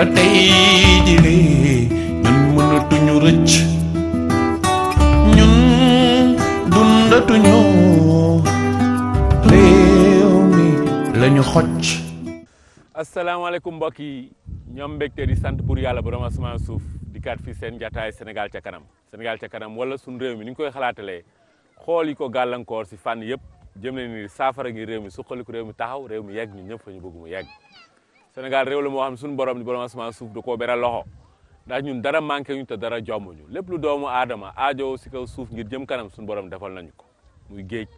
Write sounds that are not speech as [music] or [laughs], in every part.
ba tey jilee ñun mënatuñu rëcc ñun dundatuñu réew mi lañu xocc asalaamaaleykum mbokk yi ñoom mbégte di sant pour yàlla borom asamaan suuf di kaat fii seen jataay senegal ca kanam Sénégal ca kanam wala suñ réew mi ni ñu koy xalaatalee xool yi ko gàllankoor si fànn yëpp jëm leen ni saafara ngi réew mi suqaliku réew mi taxaw réew mi yàgg ñu ñëpp fa ñu bëgg mu yegg Sénégal réew la moo xam ne suñu borom ni borom asamaan suuf da koo beral loxo ndax ñun dara manqué ñu te dara jommuñu lépp lu doomu aadama aajo si kaw suuf ngir jëm kanam suñu borom defal nañu ko muy géej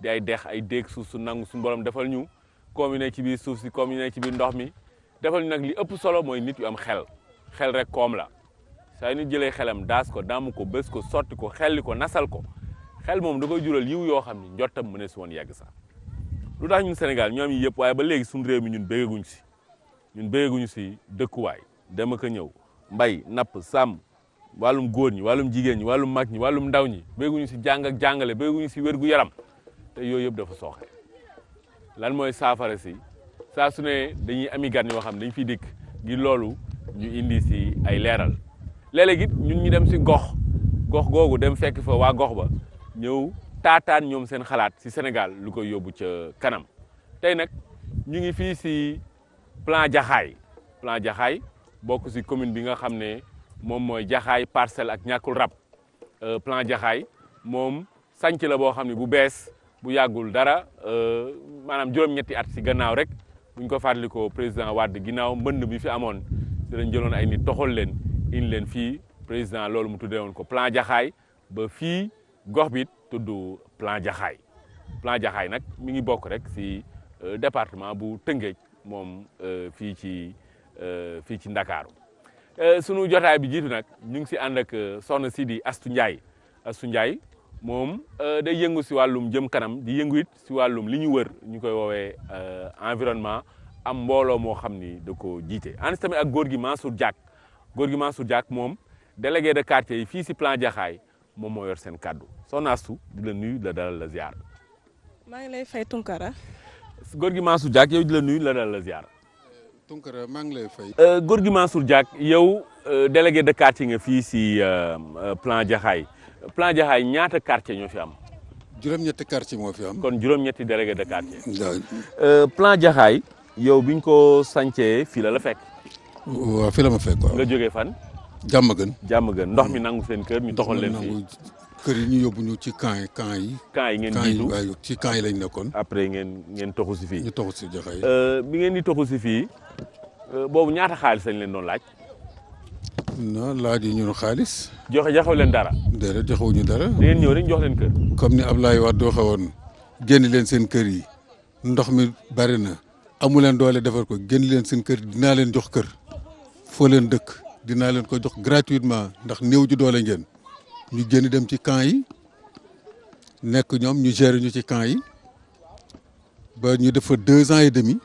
di ay dex ay déeg suuf su nangu suñu borom defal ñu comme yu nekk ci biir suuf si comme yu nekk ci biir ndox mi defal ñu li ëpp solo mooy nit yu am xel xel rek koom la saa nit jëlee xelam daas ko dàmm ko bés ko sotti ko xelli ko nasal ko xel moom da koy jural yiw yoo xam ni njottam mënees woon yegg sax lu tax ñun Sénégal ñoom yi yëpp waaye ba léegi suñu réew mi ñun béggaguñ si ñun béyeguñu si dëkkuwaay dem ak a ñëw mbay napp sàmm wàllum góor ñi wàllum jigéen ñi wàllum mag ñi wàllum ndaw ñi béyeguñu si jàng ak jàngale béyeguñu si wér-gu-yaram te yooyu yëpp dafa sooxe lan mooy saafara si saa su ne dañuy ami gan yoo xam ne dañ fiy dikk gi loolu ñu indi si ay leeral léeg-léeg ñun ñu dem si gox gox googu dem fekk fa waa gox ba ñëw taataan ñoom seen xalaat si Sénégal lu koy yóbbu ca kanam tey nag ñu ngi fii si plan jaxaay plan jaxaay bokk si commune bi nga xam ne moom mooy jaxaay parcelle ak ñàkkul rab euh, plan jaxaay moom sànc la boo xam ne bu bees bu yàggul dara euh, maanaam juróom-ñetti at si gannaaw rek buñ ko fàttalikoo président Wade ginnaaw mbënd bi fi amoon si lañ jëloon ay nit toxal leen indi leen fii président loolu mu tuddee woon ko plan jaxaay ba fii gox bi tudd plan jaxaay plan jaxaay nag mi ngi bokk rek ci euh, département bu Tëngéej moom euh, fii ci euh, fii ci Ndakaaru euh, sunu jotaay bi jiitu nag ñu ngi si ànd ak soxna si di Astu Ndiaye Astu Ndiaye moom day yëngu si wàllum jëm kanam di yëngu si wàllum li ñu wër ñu koy woowee environnement am mbooloo moo xam ni da ko jiite ànd tamit ak góor gi Mansour Diak góor gi Mansour Diak moom délégué de quartier yi fii si plan Jaxaay moom moo yor seen kàddu soxna Astu di la nuyu la dalal la ziar. maa ngi lay fay Tunkara góor gi Mansour Diack yow di la nuyu la dal la ziar. Tunkara maa ngi lay fay. Euh, góor gi Mansour Diack yow euh, délégué de quartier nga fii si euh, plan Jaxaay plan Jaxaay ñaata quartier ñoo fi am. juróom-ñetti quartier moo fi am. kon juróom-ñetti délégué de quartier. plan Jaxaay yow biñ ko sancee fii la la fekk. waaw fii la ma fekk waaw. nga jógee fan. jàmm gën. jàmm gën ndox mi mm. nangu seen kër mi. doxal leen fii kër yi ñu yóbbu ñu ci camp yi camp yi. camp yi ngeen jiitu waaw ci camp yi lañ nekkoon. après ngeen ngeen toxu si fii. ñu toxu si Jaxaay. Euh, bi ngeen di toxu si fii euh, boobu ñaata xaalis lañ leen doon laaj. non laaj yi ñun xaalis. joxe joxewu leen dara. déedéet joxewu ñu dara. da ngeen ñëw rek jox leen kër. comme ni Ablaye Wade waxee woon génn leen seen kër yi ndox mi bari na amu leen doole defar ko génn leen seen kër dinaa leen jox kër foo leen dëkk dinaa leen ko jox gratuitement ndax néew ju doole ngeen. ñu génn dem ci camp yi nekk ñoom ñu gérer ci camp yi ba ñu def fa deux ans et demi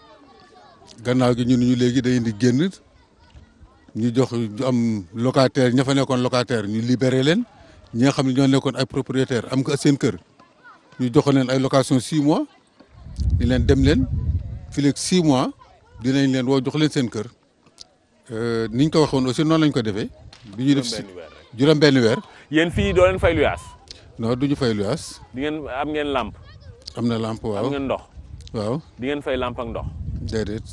gannaaw gi ñu ñu léegi day indi génn ñu jox ñu am locataire ña fa nekkoon locataire ñu libéré leen ñi nga xam ne ñoo nekkoon ay propriétaire am ko seen kër ñu joxoon leen ay location six mois di leen dem leen fii ak six mois dinañ leen woo jox leen seen kër euh, niñ ko waxoon aussi noon lañ ko defee. bi ñu def si juróom benn weer. yéen fii doo leen fay luyaas. ñu fay luyaas. di ngeen am ngeen làmp. am na làmp waaw ngeen ndox. waaw di ngeen fay làmp ak ndox. déedéet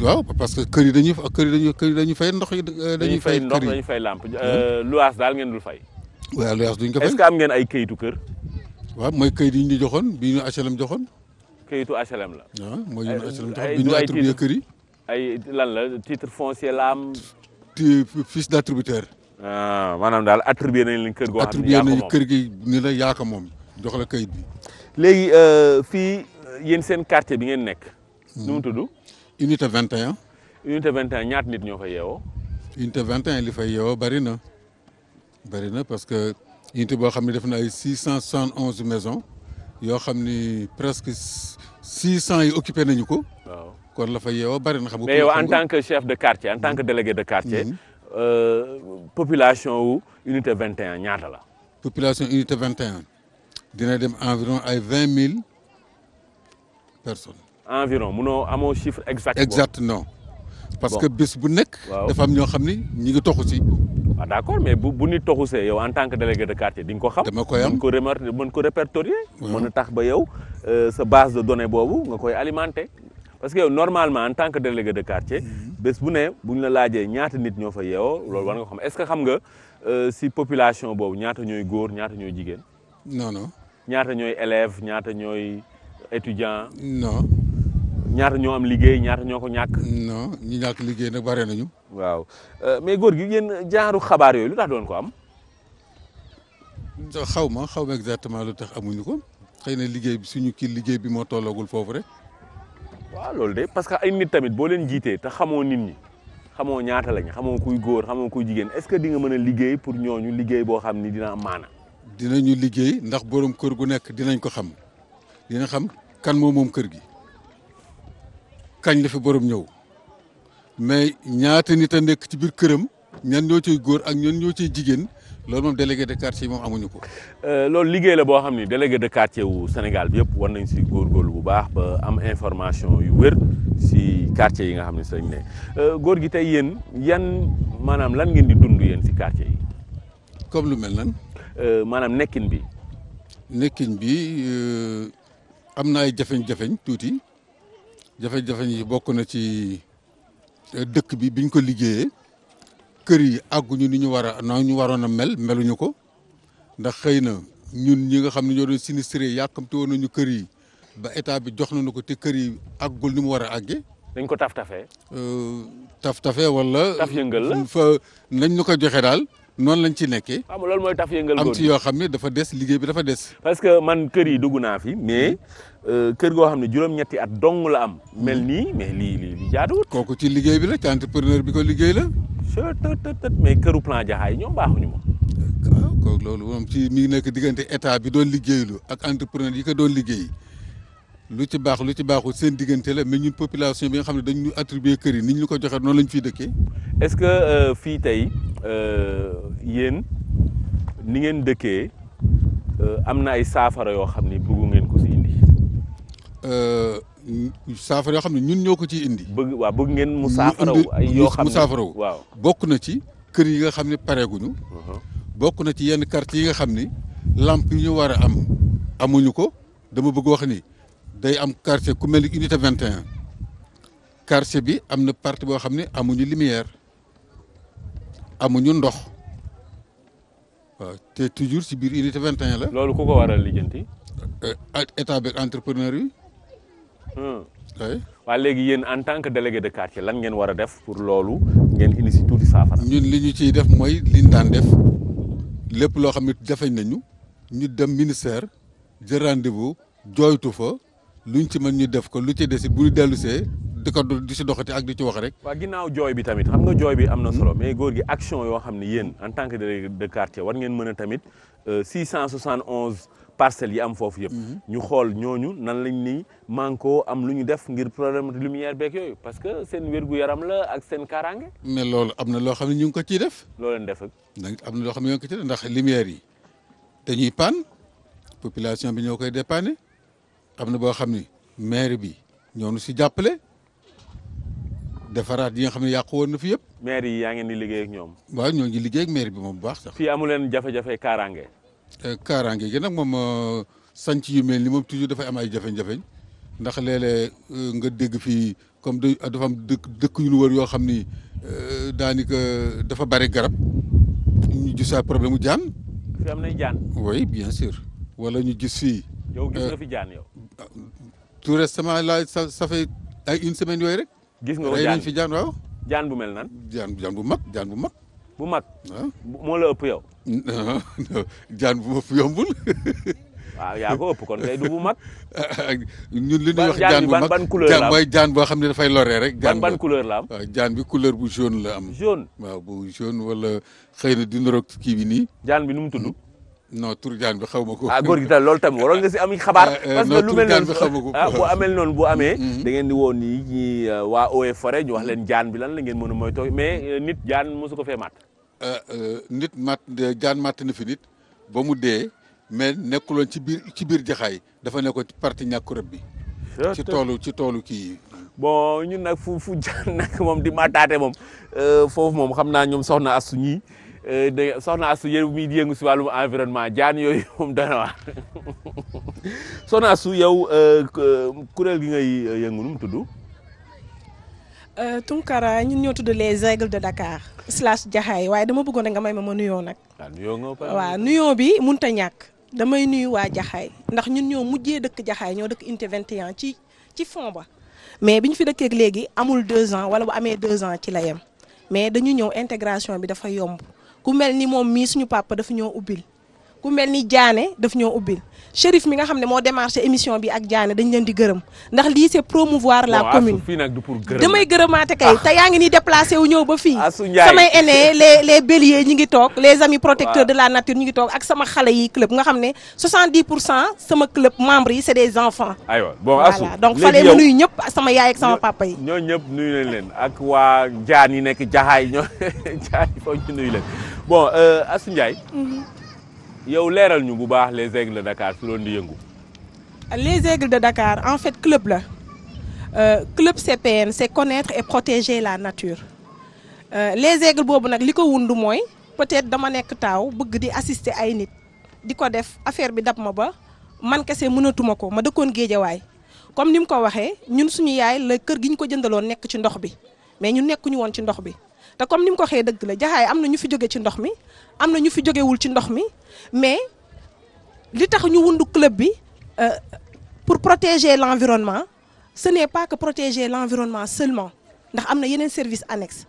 waaw parce que kër yi dañuy kër yi dañuy dañuy fay ndox yi. dañuy fay ndox dañuy fay làmp. Hmm? Euh, luwaas daal ngeen dul fay. waaw luwaas duñ ko fay est am ngeen ay këyitu kër. waaw mooy këyit yi ñu joxoon bii ñu HLM joxoon. këyitu HLM la. waaw mooy ñu HLM joxoon bi ñu attribué kër yi. ay lan la titre foncier la am. fiche d'attributaire. Ah, maanaam daal attribué nañ leen kër goo xam ne kër gi ni la yaa ko moom jox la kayit bi. léegi euh, fii euh, yéen seen quartier bi ngeen nekk. nu mu hmm. tudd. unité 21. unité 21 ñaat nit ñoo fa yeewoo. unité 21 li fay yeewoo bari na bari na parce que unité boo xam ne def na ay 671 maisons yoo xam ni presque 600 yi occupé nañu ko. waaw kon la fa yeewoo bari na. xam nga mais yow en tant que chef de quartier en tant que hmm. délégué de quartier. Hmm. Euh, population unité unité 21 ñaata la. population unité vingt 21 dina dem environ ay vingt mille personnes. environ munoo amoo chiffre exact. exact non parce que bés bu nekk. dafa am ñoo xam ni ñu ngi toxu si. waaw ah, d'accord mais bu bu nit toxusee yow en tan que délégué de quartier di nga ko xam. dama koy am mën ko ko répertorier. mën a tax ba yow euh, sa base de données boobu nga koy alimenter. parce que yow normalement en tant que délégué de quartier mhm. bés bu ne bu ñu la laajee ñaata nit ñoo fa yeewoo loolu war nga xam est-ce que xam nga euh, si population boobu ñaata ñooy góor ñaata ñooy jigéen. non non. ñaata ñooy élèves ñaata ñooy étudiants. non. ñaata ñoo am liggéey ñaata ñoo ko ñàkk. non ñi ñàkk liggéey nag bare nañu. waaw euh, mais góor gi yéen jaaru xabaar yooyu lu tax doon ko am. xaw ma xaw ma exactement lu tax amuñu ko xëy na liggéey bi suñu kii liggéey bi moo tolloogul foofu rek. waaw lool de parce que ay nit tamit boo leen jiitee te xamoo nit ñi xamoo ñaata lañ xamoo kuy góor xamoo kuy jigéen est-ce que dina nga mën a liggéey pour ñooñu liggéey boo xam ni dina am maana dinañu liggéey ndax borom kër gu nekk dinañ ko xam dina xam kan moo moom kër gi kañ la fi borom ñëw mais ñaata nit a nekk ci biir këram ñan ñoo ciy góor ak ñan ñoo ciy jigéen loolu moom délégué de quartier yi moom amuñu ko. Euh, loolu liggéey la boo xam ni délégué de quartier wu Sénégal bi yëpp war nañ si góorgóorlu bu baax ba am information yu wér si quartier yi nga xam ne sañ ne euh, góor gi tey yéen yan maanaam lan ngeen di dund yéen si quartier yi. comme lu mel nan. Euh, maanaam nekkin bi. nekkin bi am na ay jafeñ-jafeñ tuuti jafeñ-jafeñ yi bokk na ci dëkk bi biñ ko liggéeyee. kër yi àgguñu ni ñu war a na ñu waroon a mel meluñu ko ndax xëy na ñun ñi nga xam ne ñoo doon sinistré yàkkamte woon nañu kër yi ba état bi jox nañu ko te kër yi àggul ni mu war a àggee. dañ ko taf tafee. Euh, taf tafee wala. taf yëngal la fa nañ ñu ko joxe daal noonu lañ ci nekkee. am ah, loolu mooy taf yëngal am ci yoo xam ne dafa des liggéey bi dafa des. parce que man kër yi dugg naa fi mais euh, kër goo xam ne juróom-ñetti at dong la am. mel nii mais lii lii jaaduwut. kooku ci liggéey bi la ci entrepreneur bi ko liggéey la. mais këru plan jaxaay ñoom baaxuñu moom. waaw loolu moom ci mi ngi nekk diggante état bi doon liggéeylu ak entrepreneur yi ko doon liggéey lu ci baax lu ci baaxul seen diggante la mais ñun population bi nga xam ne dañu attribuer kër yi ni ñu ko joxee noonu lañu fiy dëkkee. est-ce que euh, fii tey euh, yéen ni ngeen dëkkee euh, am na ay saafara yoo xam ni bëggu ngeen ko si indi. saafara yoo xam ne ñun ñoo ko ci indi. bëgg waaw bëgg ngeen mu saafaraw ay yoo xam ne mu waaw bokk na ci kër yi nga xam ne pareeguñu. Uh-huh. bokk na ci yenn quartier yi nga xam ni lamp yi ñu war a am amuñu ko dama bëgg wax ni day am quartier ku mel ni unité 21 quartier bi am na partie boo xam ne amuñu lumière amuñu ndox waaw te toujours si biir yi unité 21 la. loolu ku ko waral lijjanti. Euh, état bi entrepreneur yi. Hmm. Hmm. waa léegi yéen en tant que délégué de quartier lan ngeen war a def pour loolu ngeen indi si tuuti saafara. ñun li ñu ciy def mooy li ñu daan def lépp loo xam ne jafeñ nañu ñu dem ministère jël rendez-vous jooytu fa lu ñu ci mën ñu def ko lu ci des bu ñu dellusee di ko di si doxati ak di ci wax rek. waa ginnaaw jooy bi tamit xam nga jooy bi am na solo hmm. mais góor gi action yoo xam ne yéen en tant que délégué de quartier war ngeen mën a tamit 671. Euh, parcelle yi am foofu yëpp. Mhm. ñu xool ñooñu nan lañ ni manko am lu ñu def ngir problème lumière beeg yooyu parce que seen gu yaram la ak seen kaaraange. mais loolu am na loo xam ne ñu ngi ko ciy def. loo leen def ak. am na loo xam ne ñu ngi ko ciy def ndax lumière yi dañuy paan population bi ñoo koy dépanner am na boo xam ni maire bi ñoo nu si jàppale defaraat yi nga xam ne yàqu woon na fi yëpp. maire yi yaa ngeen di liggéey ak ñoom. waaw ñoo ngi liggéey ak maire bi moom bu baax sax. fii amu leen jafe-jafe Euh, kaaraange gi nag moom euh, sanc yu mel ni moom toujours dafay am ay jafe ndax léeg euh, nga dégg fii comme da am dëkk dëkk yu ñu wër yoo xam ni daanika dafa bari garab ñu gis problème mu jaan. fi am nay jaan. oui wala ñu gis fii. yow gis nga fi jaan la sa ça ay une semaine yooyu rek. gis nga ko jaan fi jaan waaw. jaan bu mel nan. jaan jaan bu mag jaan bu mag. Ah. moo la ëpp yow. [laughs] jaan bu ëpp yombul. waaw yaa ko ëpp kon kay du bu mag. [laughs] ñun li ñuy wax jaan bu mag ban couleur la am jaan boo xam ne dafay loree rek. jaan ban couleur la am waaw jaan bi couleur bu jaune la am. jaune waaw bu jaune wala xëy na du kii bi nii. jaan bi nu mu tudd. Hmm? non tur jaan bi xaw ma ko. Ah, gi tam loolu tam waroon nga si xabaar. [laughs] Eh, eh, parce que lu mel noonu ah bu amel noonu bu amee. Hmm. da ngeen di woon nii ñi euh, wa Eaux et Forêts ñu wax leen jaan bi lan la ngeen mën a moytoo mais euh, nit jaan mosu ko fee maat. Euh, euh, nit mat jaan màtt na fi nit ba mu dee mais nekkuloon ci biir ci biir jaxaay dafa nekkoon ci parti ñàkk rëbb bi. ci toolu ci toolu kii yi. bon ñun nag fu fu jaan [laughs] nag moom di màttaate moom euh, foofu moom xam naa ñoom soxna Astou ñii da soxna Astou yéen mi yëngu si wàllum environnement jaan yooyu [laughs] moom dana wax [laughs] soxna Astou yow kuréel gi ngay yëngu nu mu tudd. Euh, Tounkara ñun ñoo tudd les aigles de Dakar slash Jaxaay waaye dama bëggoon nga may ma ma nuyoo nag. Ah, waa nuyoo bi mun ta ñàkk. damay nuyu waa Jaxaay ndax ñun ñoo mujjee dëkk Jaxaay ñoo dëkk unité ci ci fond ba mais bi ñu fi dëkkeek léegi amul deux ans wala bu amee deux ans ci la yem mais dañu ñëw intégration bi dafa yomb ku mel ni moom mii suñu papa dafa ñoo ubbil ku mel ni jaane daf ñoo ubbil. Chérif mi nga xam ne moo démarché émission bi ak Diané dañ leen di gërëm ndax lii c'est promouvoir la commune damay gërëmaate kay ah. te yaa ngi nii déplacé wu ñëw ba fii samay aînés les les [laughs] béliers ñi ngi toog les amis protecteurs de la nature ñi ngi toog ak sama xale yi club nga xam ne 70 pour cent sama club membres yi c'est des enfants aywa bon Assou donc ñëpp sama yaay ak sama papa yi ñoo ñëpp nuyu nañ yi nekk jaxaay ñoo jaay [laughs] foofu ñu nuyu leen bon euh, Assou Ndiaye mhm. yow leeral ñu bu baax les aigles de Dakar su doon di yëngu. les aigles de Dakar en fait club la euh, club CPN c'est connaître et protéger la nature euh, les aigles boobu nag li ko wund mooy peut-être dama nekk taaw bëgg di assister ay nit di ko def affaire bi dab ma ba man kese mënatuma ko ma dëkkoon géejawaay comme ni mu ko waxee ñun suñu yaay la kër gi ñu ko jëndaloon nekk ci ndox bi mais ñu nekkuñu woon ci ndox bi. te comme ni mu ko waxee dëgg la jaxaay am na ñu fi jóge ci ndox mi am na ñu fi jógewul ci ndox mi mais li tax ñu wundu club bi euh, pour protéger l'environnement ce n'est pas que protéger l'environnement seulement ndax am na yeneen service annexe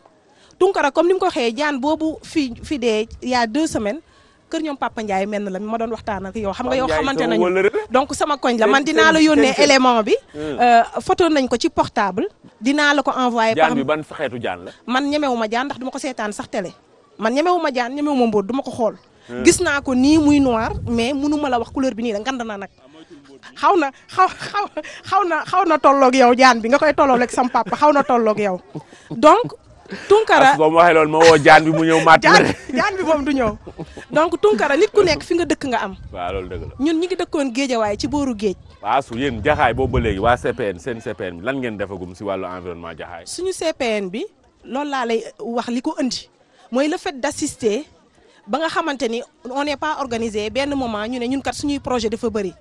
Tunkara comme ni mu ko waxee jaan boobu fi fi dee ya deux semaines kër ñoom Papa Ndiaye mel na la mi ma doon waxtaan ak yow xam nga yow xamante nañu donc sama koñ la man dinaa la yónnee élément bi hmm. euh, photo nañ ko ci portable dinaa la ko envoyé. jaan bi ban xeetu jaan la. man ñemewu ma jaan ndax du ko seetaan sax télé man ñemewu ma jaan ñemewu ma mbóot du ma ko xool. Hmm. gis naa ko nii muy noir mais munu la wax couleur bi nii la ngand na nag. xaw na xaw xaw xaw na xaw tolloog yow jaan bi nga koy tolloog rek sam papa xaw na tolloog yow donc Tunkara as ba mu waxee loolu ma woo jaan bi mu ñëw maat jaan jaan bi moom du ñëw donc Tunkara nit ku nekk fi nga dëkk nga am waaw loolu ñun ñi ngi dëkkoon géejawaay ci booru géej waaw su yéen jaxaay boobu ba léegi waa CPN seen CPN bi lan defagum si wàllu environnement jaxaay suñu CPN bi loolu laa lay wax li ko indi mooy le fait d'assister ba nga xamante ni on n'est pas organisé benn moment ñu ne ñun kat suñuy projet dafa bëri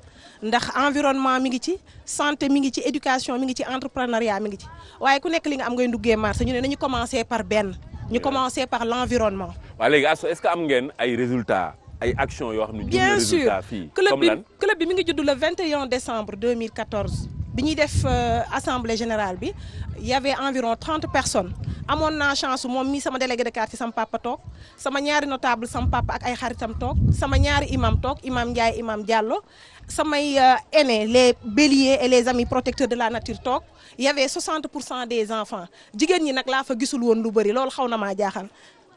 ndax environnement mi ngi ci santé mi ngi ci éducation mi ngi ci entrepreneuriat mi ngi ci waaye ku nekk li nga am ngay nduggee marché ñu ne nañu commencé par benn ñu commencé par l' environnement waaw léegi est-ce que am ngeen ay résultats ay actions yoo xam ne bien sûr club bi bi mi ngi judd le 21 décembre 2014 bi ñuy def euh, assemblée générale bi y avait environ trente personnes amoon na chance moom mii sama délégué de quartier sama papa toog sama ñaari notable sama papa ak ay xaritam toog sama ñaari imam toog imam Ndiaye imam Diallo samay euh, aînés les béliers et les amis protecteurs de la nature toog y avait 60 pour cent des enfants jigéen ñi nag laa fa gisul woon lu bëri loolu xaw na maa jaaxal.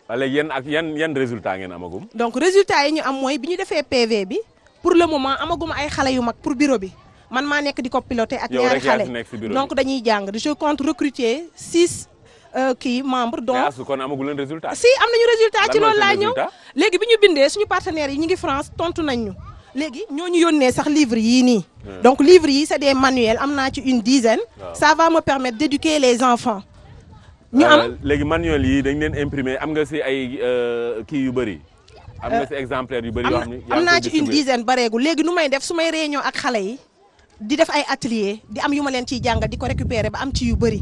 wala yéen ak yan yan résultat ngeen amagum. donc résultat yi ñu am mooy bi ñu defee PV pour moment amaguma ay xale yu mag pour bureau bi. man maa nekk di ko piloté ak ñaari xale donc dañuy jàng je compte recruter six euh, kii membre donc kon amagu leen résultat si am nañu résultat ci loolu laa ñëw léegi bi ñu bindee suñu partenaires yi ñu ngi France tontu nañ ñu léegi ñoo ñu yónnee sax livre yii nii hmm. donc livre yi c'est des manuels am naa ci une dizaine ça va ma permettre d'éduquer les enfants ñu euh, am léegi manuel yi dañ leen imprimer am nga si ay euh, kii yu bëri am nga si yu bëri yoo xam ne am naa ci une dizaine bareegu léegi nu may def su may réunion ak xale yi di def ay atelier di am yu ma leen ciy jàngal di ko récupérer ba am ci yu bëri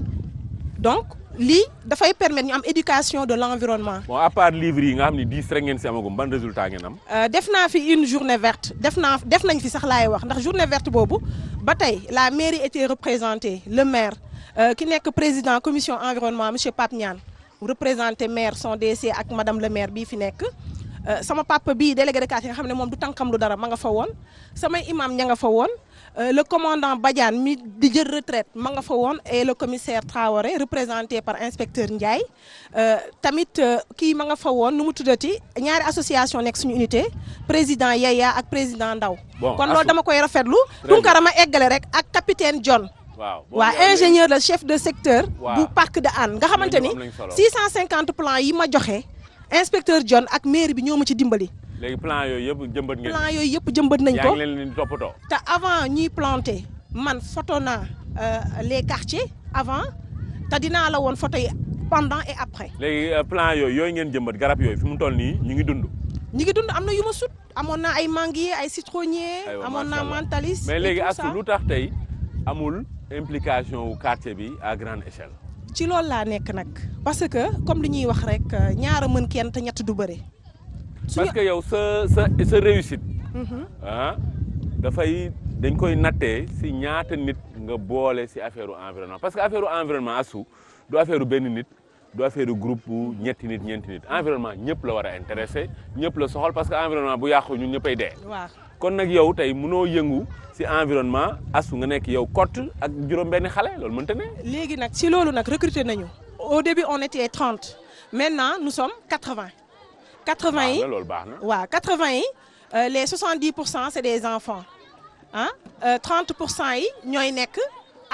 donc lii dafay permettre ñu am éducation de l' environnement. bon à part livre yi nga xam ne dix rek ngeen si amagum ban résultat ngeen am. Euh, def naa fi une journée verte def naa def nañ fi sax laay wax ndax journée verte boobu ba tey la mairie était représentée le maire euh, ki nekk président commission environnement monsieur Pape Niane représenté maire son DC ak madame le maire bii fi nekk. Euh, sama papa bii délégué de quartier nga xam ne moom du tànkam lu dara ma nga fa woon samay imam ña nga fa woon euh, le commandant Badiane mi di jël retraite ma nga fa woon et le commissaire Traoré représenté par inspecteur Ndiaye euh, tamit kii ma nga fa woon nu mu tuddati ñaari association nekk suñu unité président Yaya ak président Ndaw kon loolu dama koy rafetlu Tunkara ma eggale rek ak capitaine John waaw waa ingénieur le chef de secteur bu parc de Hann nga xamante ni 650 plans yi ma joxe inspecteur John ak mairie bi ñoo ma ci dimbali. léegi plan yooyu yëpp jëmbat ngeen. plan yooyu yëpp jëmbat nañ ko yaa ngi leen di te avant ñuy planter man photo naa euh, les quartiers avant te dinaa la woon photo yi pendant et après. léegi euh, plan yooyu yooyu ngeen jëmbat garab yooyu fi mu toll nii ñu ngi dund. ñu ngi dund am na yu sut amoon na ay manguier ay citronnier. amoon naa mantalis mais léegi Astou lu tax tey amul implication wu quartier bi à grande échelle. ci loolu laa nekk nag parce que comme li ñuy wax rek ñaar a mën kenn te ñett du bëri. parce que yow sa sa sa réussite. Mhm. ah dafay dañ koy nattee si ñaata nit nga boole si affaire environnement parce que affaire environnement asu du affaire benn nit du affaire groupe ñetti nit ñeenti nit environnement ñëpp la war a intéressé ñëpp la soxal parce que environnement bu yàqu ñu ñëppay dee. waaw kon nag yow tey mënoo yëngu si environnement asu nga nekk yow kott ak juróom-benn xale loolu mun ne. léegi nag si loolu nag recruter nañu. au début on était 30 maintenant nous sommes 80. 80 yi loolu baax na waaw 80 yi euh, les 70 pour cent c'est des enfants ah euh, 30 pour cent yi ñooy nekk.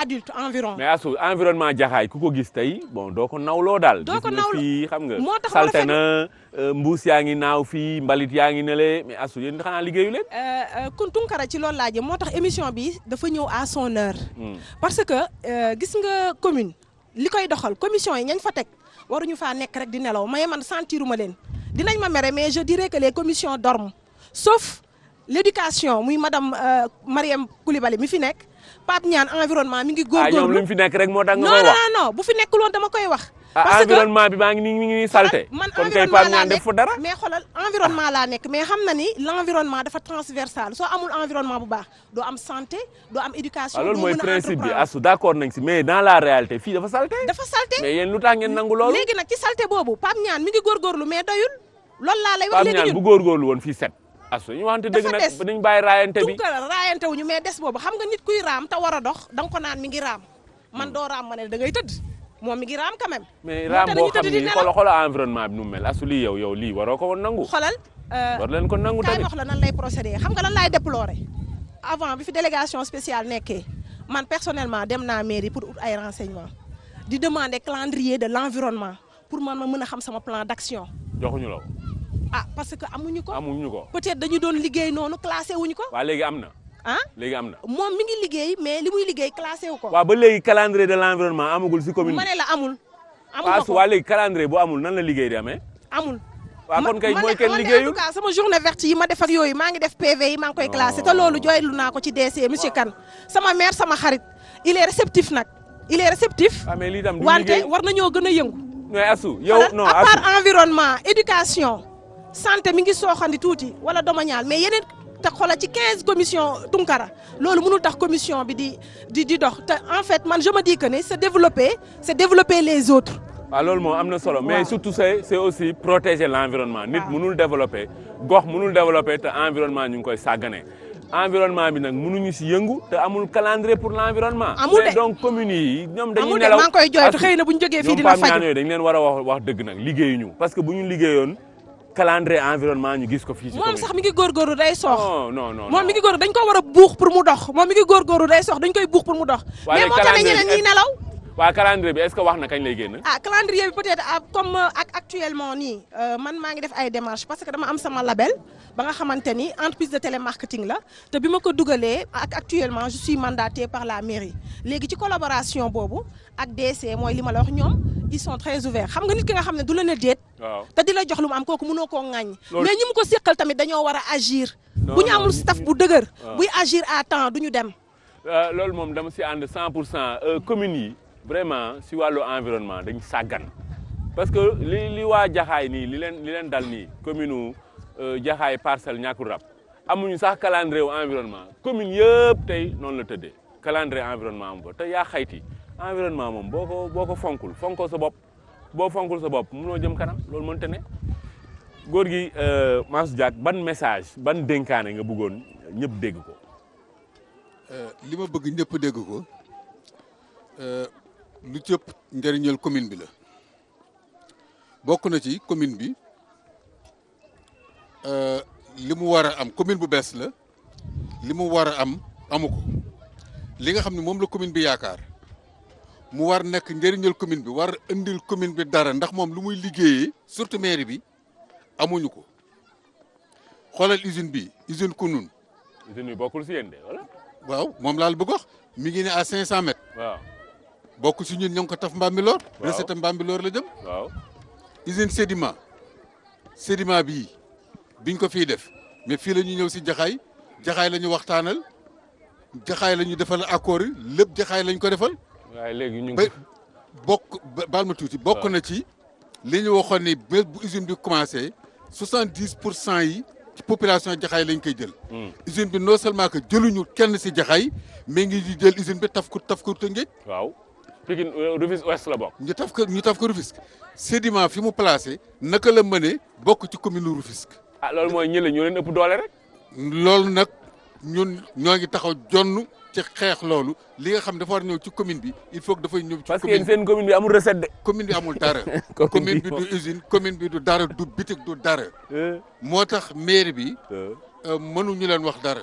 adulte environ. mais asu environnement jaxaay ku ko gis tey bon doo ko nawloo daal. doo fii xam nga. moo tax salte na euh, mbuus yaa ngi naaw fii mbalit yaa ngi nele mais asu yéen xanaa liggéeyu leen. Euh, euh, kun ci loolu laa moo tax émission bi dafa ñëw à son hmm. parce que gis nga commune li koy doxal commission yi ñañ fa teg waruñu faa nekk rek di nelaw mais man sentiruma leen dinañ ma mere mais je dirais que les commissions dorment sauf l'éducation muy madame Mariam Koulibaly mi fi nekk. Pape Niane environnement mi ngi góorgóorlu ah ñoom lu mu fi nekk rek moo tax nga wax non ah, ngi nii mi ngi salté. Ah, man kon laa nekk mais xam na ni l' environnement dafa transversal soo amul environnement bu baax doo am santé doo ah, a mais dans la réalité fii dafa salté. dafa salté mais yéen lu tax ngeen nangu loolu. léegi nag ci salté boobu Pape Niane mi ngi góorgóorlu mais doyul laa lay wax léegi ñun bu góorgóorlu woon fii set asu ñu waxante dëgg nag dañu bàyyi raayante bi tunkara raayante wuñu mais des boobu xam nga nit kuy raam te war a dox da ko naan mi ngi raam man hmm. doo raam ma ne da ngay moom mi ngi raam quand même mais raam boo xam ni xoolal xoolal environnement bi nu mel asu lii yow yow lii waroo ko woon nangu xoolal euh, war leen ko nangu tamit wax la nan lay procédé xam nga lan laay déploré avant bi fi délégation spéciale nekkee man personnellement dem naa mairie pour ut ay renseignements di demander calendrier de l'environnement pour man ma mën a xam sama plan d'action joxuñu la ah parce que amuñu ko amuñu ko peut-être dañu doon liggéey noonu classé wuñu ko waa léegi am na ah léegi am na moom mi ngi liggéey mais li muy liggéey classé wu ko waaw ba léegi calendrier de l'environnement amagul si commune ma ne la amul amul ko waaw bu amul nan la liggéey di amul waaw kon kay mooy kenn liggéeyu sama journée verte yi ma def ak yooyu maa ngi def PV yi maa ngi koy classé te loolu jooylu naa ko ci DC monsieur Kane sama maire sama xarit il est réceptif nag il est réceptif ah, wante war nañoo gën a yëngu mais asu yow ah, non à part environnement santé mi ngi sooxandi tuuti wala domanial mais yeneen te xoolal ci 15 commission Tunkara loolu mënul tax commission bi di di di dox te en fait man je me dis que ne se développer c'est développer les autres. waaw ah, loolu moom am na solo mais surtout c'est c'est aussi protéger l'environnement nit mënul développer gox mënul développer te environnement ñu ngi koy sàggane environnement bi nag munuñu si yëngu te amul calendrier pour l'environnement. amul de donc yi ñoom dañuy koy xëy na bu ñu jógee fii dina faj. ñoom dañu leen a wax wax dëgg nag liggéeyuñu parce que bu ñu calendrier environnement ñu gis ko fii si moom sax mi ngi góorgóorlu day soox oh, non non moom mi ngi góor dañ war a buux pour mu dox moom mi day soox dañ koy buux pour mu dox mais moo tax ñeneen ñi nelaw waaw calendrier bi est wax na kañ lay a ah calendrier bi peut-être ah, comme euh, actuellement nii euh, man maa ngi def ay démarches parce que dama am sama label ba nga xamante ni entreprise de télémarketing la te bi ma ko dugalee ak actuellement je suis mandatée par la mairie léegi ci collaboration boobu ak DC mooy li ma la wax ñoom. ils sont très ouverts xam nga nit ki nga xam ne du la ne déet. waaw te di la jox lu mu am kooku mënoo koo ŋàññ. mais ñi mu ko séqal tamit dañoo war a agir. bu ñu amul staff bu dëgër. buy agir à temps du ñu dem. Euh, loolu moom dama si ànd cent pour cent euh, communes yi vraiment si wàllu environnement dañu sàggan parce que li waa Jaxaay nii li leen li leen dal nii commune Euh, jaxaay parcelle ñàkkul rab amuñu sax calendrier wu commune yëpp tey noonu la tëddee calendrier environnement am ko te yaa xayti environnement moom boo ko ko fonkul fonkoo sa bopp boo fonkul sa bopp mënoo jëm kanam loolu mënta ne góor gi euh, Mansour Diack ban message ban dénkaane nga bëggoon ñëpp dégg ko euh, li ma bëgg ñëpp dégg ko lu cëpp njëriñal commune bi la bokk na ci commune bi Euh, li mu war am commune bu bees la li mu war am amu ko li nga xam ne moom la commune bi yaakaar mu war nekk njëriñal commune bi war indil commune bi dara ndax moom lu muy liggéeyee surtout mairie bi amuñu ko xoolal usine bi usine Kounoune. usine bi bokkul si yéen de waaw moom laal bëgg mi ngi ne à 500 mètres. waaw bokk si ñun ñoo ngi ko taf Mbambilor. waaw bi Mbambilor la jëm. waaw usine sédiment sédiment bii. biñ ko fii def mais fii la ñu ñëw si jaxaay jaxaay la ñu waxtaanal jaxaay la ñu defal accord yi lépp jaxaay lañ ko defal. léegi ñu bokk baal ma tuuti bokk na ci li ñu waxoon ni bés bu usine bi commencé soixante dix pour cent yi ci population jaxaay lañ koy jël. Hmm. usine bi non seulement que jëluñu kenn si jaxaay mais ngi di jël usine bi taf ko taf ko Tëngéej. waaw Pikine euh, Rufisque Ouest la bokk. ñu taf ko ñu taf ko Rufisque sédiment fi mu placé naka la mënee bokk ci commune Rufisque. ah loolu mooy ñu ñoo leen ëpp doole rek. loolu nag ñun ñoo ngi taxaw jonn ci xeex loolu li nga xam dafa war ñëw ci commune bi il faut dafay ñëw. ci commune parce commune bi amul recette de. commune bi amul dara. [laughs] commune bi du usine commune bi du dara du bitik du dara. Euh. moo tax maire bi. Euh. Euh, mënuñu leen wax dara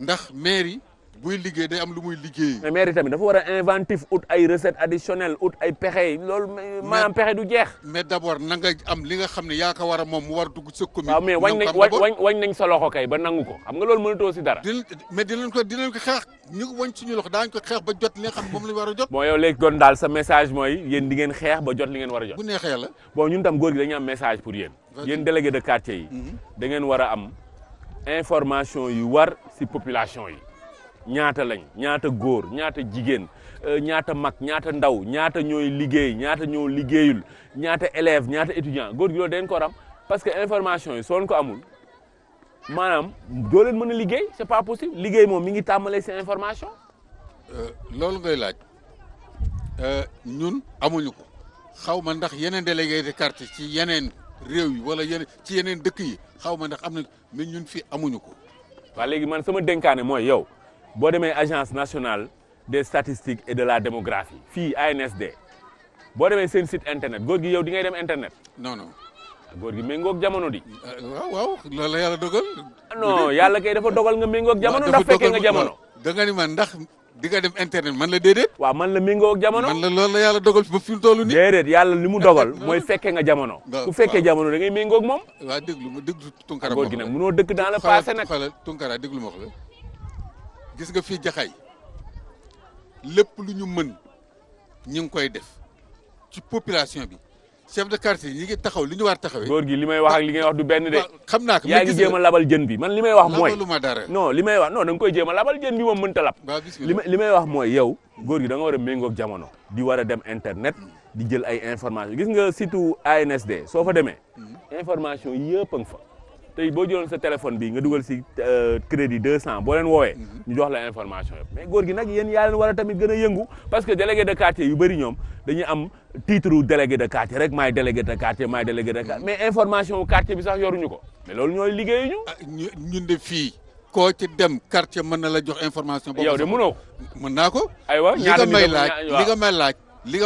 ndax maire yi buy liggéey day am lu muy liggéey. mais maire tamit dafa war a inventif ut ay recettes additionnelles ut ay pexe loolu. maanaam pexe du jeex. mais d' abord na nga am li nga xam ne yaa ko war a moom mu war dugg sa commune. waaw mais wañ nañ wañ nañ sa loxo kay ba nangu ko xam nga loolu mënatoo si dara. dinañ mais dinañ ko dinañ ko xeex ñu wañ suñu ba jot li nga xam moom la war a jot. bon yow léegi kon daal sa message mooy yéen di ngeen xeex ba jot li ngeen war a jot. bu neexee la. bon ñun tam góor gi dañu am message pour yéen. yéen délégué de quartier yi. Mhm. war am information yu war si population yi ñaata lañ ñaata góor ñaata jigéen euh, ñaata mag ñaata ndaw ñaata ñooy liggéey ñaata ñoo liggéeyul ñaata élève ñaata étudiant góor gi loolu dañ ko parce que information yi soo ko amul maanaam doo mën a liggéey c'est pas possible liggéey moom mi ngi tàmbalee si information. Euh, loolu ngay laaj euh, ñun amuñu ko xaw ma ndax yeneen délégué de quartier ci yeneen réew yi wala yeneen ci yeneen dëkk yi xaw ma ndax am na mais ñun fii amuñu ko. waaw léegi man sama dénkaane mooy yow. boo demee agence nationale des statistiques et de la démographie fii ANSD boo demee seen site internet góor gi yow di ngay dem internet. non non. góor gi méngoog jamono di. Euh, waaw waaw loolu la yàlla dogal. non yàlla kay dafa dogal nga méngoog jamono ndax fekkee nga jamono. da nga ni man ndax di nga dem internet man la déedéet. waaw man la méngoog jamono. man la loolu la yàlla dogal ba fi mu toll nii. yàlla li mu dogal [laughs] mooy fekkee nga jamono. [laughs] ku fekkee jamono da ngay méngoog moom. waaw déglu ma déglu Tunkara. góor gi nag munoo dëkk dans le passé nag. xoolal Tunkara déglu ma wax la. gis nga fii jaxaay lépp lu ñu mën ñi ngi koy def ci population bi chef de quartier yi taxaw li ñu war taxawee. góor gi li may wax ak li nga wax du benn de. xam naa yaa ngi jéem a labal jën bi man li may wax. mooy non li may wax non da nga koy jéem a labal jën bi moom mënta lab. li may wax mooy yow. góor gi danga nga war a jamono. di war a dem internet. di jël ay information gis nga surtout ANSD soo fa demee. Hmm. information yëpp a nga fa. te boo jëloon sa téléphone bi nga dugal si euh, crédit 200 boo leen woowee. Mhm. ñu jox la information yëpp mais góor gi nag yéen yaa leen war a tamit gën a yëngu parce que délégué de quartier yu bëri ñoom dañuy am titre délégué de quartier rek maay de mhm. mais information quartier bi sax yoruñu ko mais loolu ñooy liggéeyu ah, ñu. ñun de fii. koo ci dem quartier mën na la jox information. boobu yow de mënoo ko mën naa ko. aywa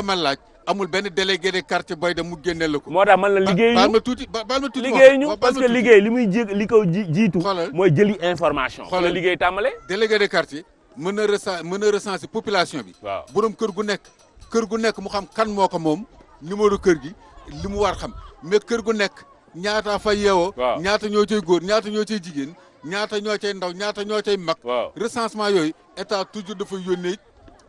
may laaj. amul benn délégué de quartier boy dem mu génne la ko. moo tax man la liggéey baal ma tuuti baal ma tuuti ñu parce liggéey li muy ji li ko jiitu. mooy jëli information. xoolal la liggéey tàmbale. délégué de quartier mën na recen mën na recenser population bi. waaw borom kër gu nekk. kër gu nekk mu xam kan moo ko moom numéro kër gi li mu war xam me kër gu nekk ñaata fa yeewoo. ñaata ñoo cay góor ñaata ñoo cay jigéen ñaata ñoo cay ndaw ñaata ñoo cay mag. recensement yooyu état toujours de dafa yónnee.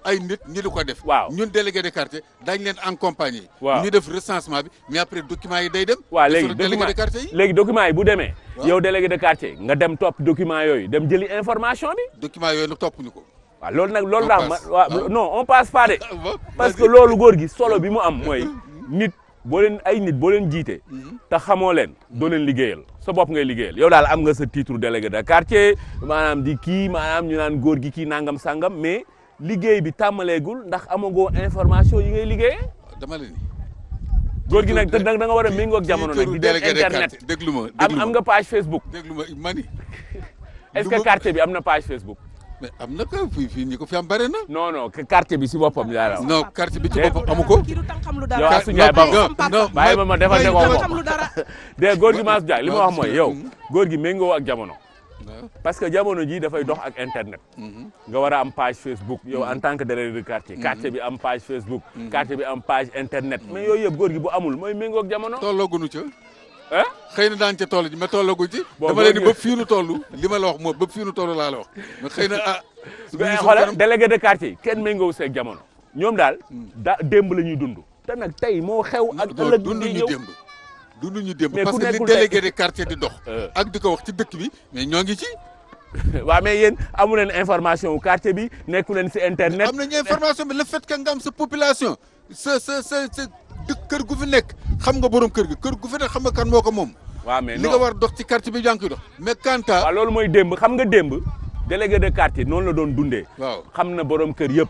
ay nit ñi di ko def. waaw ñun délégué de quartier daañu leen accompagner. waaw ñu def recensement bi mais après document yi day dem. waaw léegi délégué de quartier léegi document yi bu demee. yow délégué de quartier nga dem topp document yooyu dem jëli information bi. document yooyu nag topp ñu ko. waaw loolu nag loolu daal ma waaw ah. non on passe pas ah parce que loolu góor gi solo bi mu am mooy [laughs] hmm. nit. boo leen ay nit boo leen jiite hmm. te xamoo leen doo leen liggéeyal sa bopp ngay liggéeyal yow daal am nga sa titre délégué de quartier maanaam di kii maanaam ñu naan góor gi kii nangam sangam mais liggéey bi tàmmaleegul ndax amagoo information yi ngay liggéey dama la gi nag da nga war a méngoo ak jamono nag di def internet déglu ma am am nga page Facebook. déglu ma mani. [laughs] est-ce que bi am na page Facebook. mais am na ko fii ñi ko fi am bare na. non non quartier bi si boppam laa wax. non quartier bi ci boppam amu ko. yow Assou Ndiaye ba ma bàyyi ma ma defal ne ko de [laughs] góor gi Mass Ndiaye li ma wax mooy yow hmm. góor gi méngoo ak jamono. parce que jamono ji dafay dox ak internet. nga war a am page Facebook yow en tant que délégué de quartier. Mhm. quartier bi am page Facebook. Mhm. quartier bi am page internet. mais yooyu yëpp góor gi bu amul mooy méngoog jamono. tollooguñu ca. ah xëy na daan ca toll ji mais tollaguñ ci. dama leen ni ba fii nu toll li ma la wax moom ba fii nu toll laa la xëy na ah. [laughs] xoolal délégué de quartier kenn méngoowu seeg jamono. ñoom daal hmm. da démb la ñuy dund. te nag tey moo xew. ak ëllëg bi ñuy dunduñu démb parce que li délégué de quartier di dox. Euh. ak di ko wax ci dëkk bi mais ñoo ngi ci. [laughs] waaw mais yéen amuleen leen information quartier bi nekku leen si internet. am nañu information bi le fait que nga am sa population sa sa sa sa dëkk kër gu fi nekk xam nga borom kër gi kër gu fi nekk xam nga kan moo ko moom. waa mais non nga war dox ci quartier bi yaa ngi koy dox. mais Kanta waaw loolu mooy démb xam nga démb. délégué de quartier noonu la doon dundee. xam na boroom kër yëpp.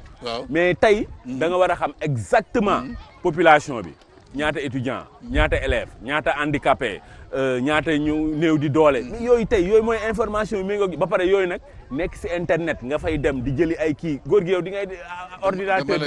mais tey. Hmm. da nga war a xam exactement hmm. population bi. ñaata étudiant ñaata élève ñaata handicapé euh, ñaata ñu néew di doole yooyu tey yooyu mooy information yi ba pare yooyu nag nekk si internet nga fay dem di jëli ay kii góor gi yow di ngay ah, ah, ordinateur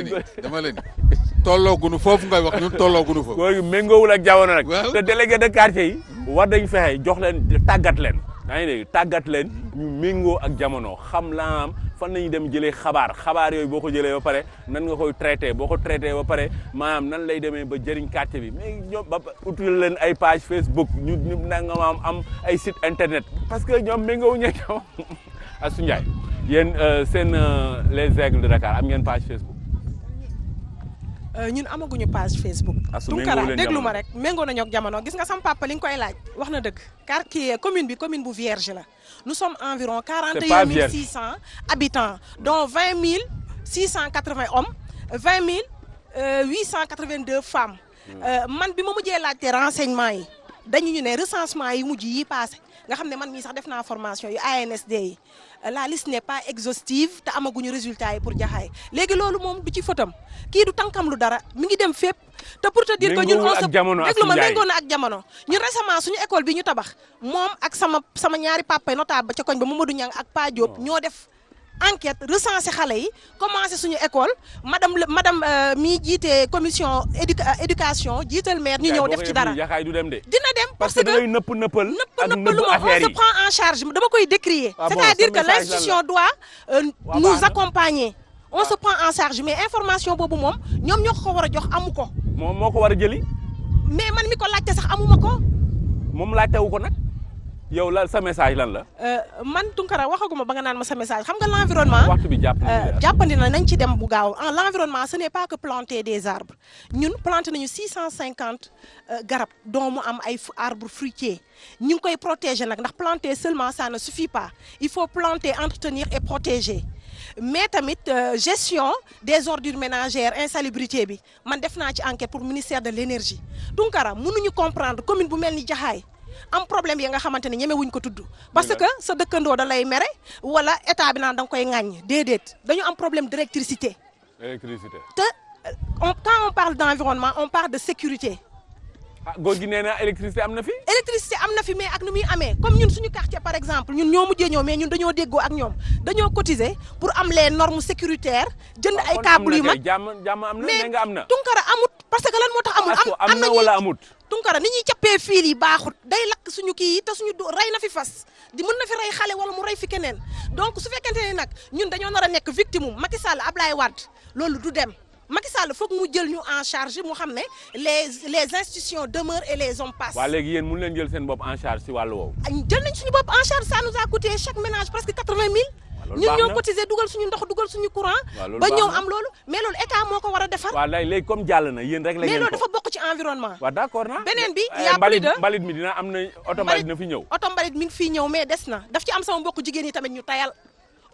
dama leen foofu ngay wax ñun tollooguñu foofu góor ak jamono nag te délégué de quartier yi war dañ fexe jox leen tàggat leen yaa ngi dégg tàggat leen ñu méngoo ak jamono xam laam fan nañu dem jëlee xabaar xabaar yooyu boo ko jëlee ba pare nan nga koy traité boo ko traité ba pare maanaam nan lay demee ba jëriñ quartier bi mais ñoom ba utile leen ay page Facebook ñu na nga maam am ay site internet parce que ñoom méngoo ña ñoom [laughs] Assou Ndiaye yéen euh, seen euh, les aigles de Dakar am ngeen page Facebook Euh, ñun amaguñu page Facebook. Ah, Tunkara déglu ma rek méngoo nañu ak jamono gis nga sama papa li nga koy laaj wax na dëgg. car euh, commune bi commune bu vierge la nous sommes environ. c'est pas vierge 41 600 habitants dont 20 680 hommes 20 882 euh, femmes. Hmm. man bi ma mujjee laajte renseignement yi dañu ñu ne recensement yi mujj yi paase nga xam ne man mii sax def naa formation yu ANSD yi. la liste n'est pas exhaustive te amaguñu résultat yi pour jaxaay léegi loolu moom du ci fotam kii du tànkam lu dara mi ngi dem fépp te pour te dire que ñun on se déglu ma ak jamono ñun récemment suñu école bi ñu tabax moom ak sama sama ñaari papa notable ba ca koñ ba Mamadou Niang ak Pa oh. ñoo def enquête recensé xale yi commencé suñu école madame madame euh, mi jiite commission euh, éducation jiital maire ñu ñëw def ci dara yaxaay du dem de dina dem parce que dangay nëpp nëppal nëpp nëppalu on se prend en charge dama koy décrier ah, c'est-à-dire que l'institution doit euh, ah, nous accompagner on ah. se prend en charge mais information boobu moom ñoom ñoo ko war a jox amu ko moom moo ko war a jëli mais man mi ko laajte sax amuma ko moom laajtewu ko nag yow la sa message lan la. Euh, man Tunkara waxaguma ba nga naan ma sa message xam nga l' environnement. waxtu bi euh, jàppandi na nañ ci dem bu gaaw en l' environnement n' est pas que planter des arbres ñun planté nañu 650 euh, garab doomu am ay arbre fruitier ñu ngi koy protéger nag ndax planter seulement ça ne suffit pas il faut planter entretenir et protéger. mais tamit gestion des ordures ménagères insalubrité bi man def naa ci enquête pour ministère de l' énergie Tunkara mënuñu comprendre commune bu mel ni Jaxaay am problème yi nga xamante ne ñeme wuñ ko tudd parce que sa dëkkandoo da lay mere wala état bi naan da nga koy ŋàññ déedéet dañu am problème d'électricité électricité te euh, on quand on parle d'environnement on parle de sécurité ah góor gi nee na am na fi. électricité am na fi mais ak nu muy amee comme ñun suñu quartier par exemple ñun ñoo mujjee ñëw mais ñun dañoo déggoo ak ñoom dañoo cotiser pour am les normes sécuritaire jënd ah, ay câble yu mag jàmm jàmm am nga am na parce que lan moo tax amul am na wala amut tunkara ni ñuy cappee fiil yi baaxut day lakk suñu kii yi te suñu rey na fi fas di mën na fi rey xale wala mu rey fi keneen donc su fekkente ne nag ñun dañoo nar a nekk victime Macky Sall Ablaye Wade loolu du dem Macky Sall foog mu jël ñu en charge mu xam ne les les institutions demeurent et les hommes passent. waaw léegi yéen mun leen jël seen bopp en si wàllu woowu. jël nañ suñu bopp en charge ça nous a coûté chaque ménage presque quatre vingt mille. ñun ñoo cotisé dugal suñu ndox dugal suñu courant. ba ñoom am loolu mais loolu état moo ko war a defar. waaw léegi comme na yéen rek la ngeen ko mais loolu dafa bokk ci environnement. waaw d' accord beneen bi. Eh, y' a plus mi dina am na oto mbalit na fi ñëw. oto mbalit mi ngi fii ñëw mais des na daf am sama mbokk jigéen tamit ñu tayal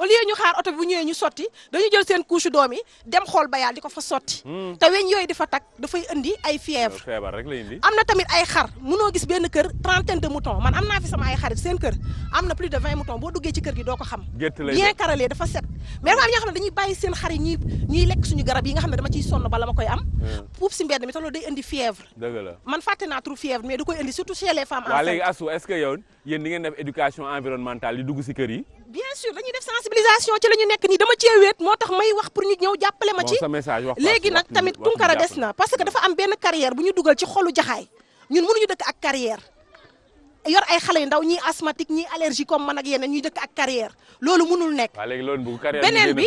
au lieu ñu xaar oto bi bu ñëwee ñu sotti dañu jël seen couche doom yi dem xool bayaal di ko fa sotti. Hmm. te weñ yooyu di fa takk dafay indi ay fièvre. am na tamit ay xar munoo gis benn kër trentaine de mouton man am naa fi sama ay xarit seen kër am na plus de vingt mouton boo duggee ci kër gi doo ko xam. bien carrelé dafa set. mais dafa bàyyi seen xar yi ñuy lekk suñu garab yi nga xam ne dama ciy sonn bala ma koy am. Hmm. puub si mbedd mi te loolu day indi fièvre. dëgg man fàtte naa bien sûr dañuy def sensibilisation ci lañu nekk nii dama cee wéet moo tax may wax pour ñu ñëw jàppale ma ci léegi nag tamit Tounkara des na parce que dafa am benn carrière bu ñu dugal ci xolu jaxaay ñun mënuñu dëkk ak carrière yor ay xale yu ndaw ñii asthmatique ñii allergie comme man ak yeneen ñuy dëkk ak carrière loolu mënul nekk beneen bi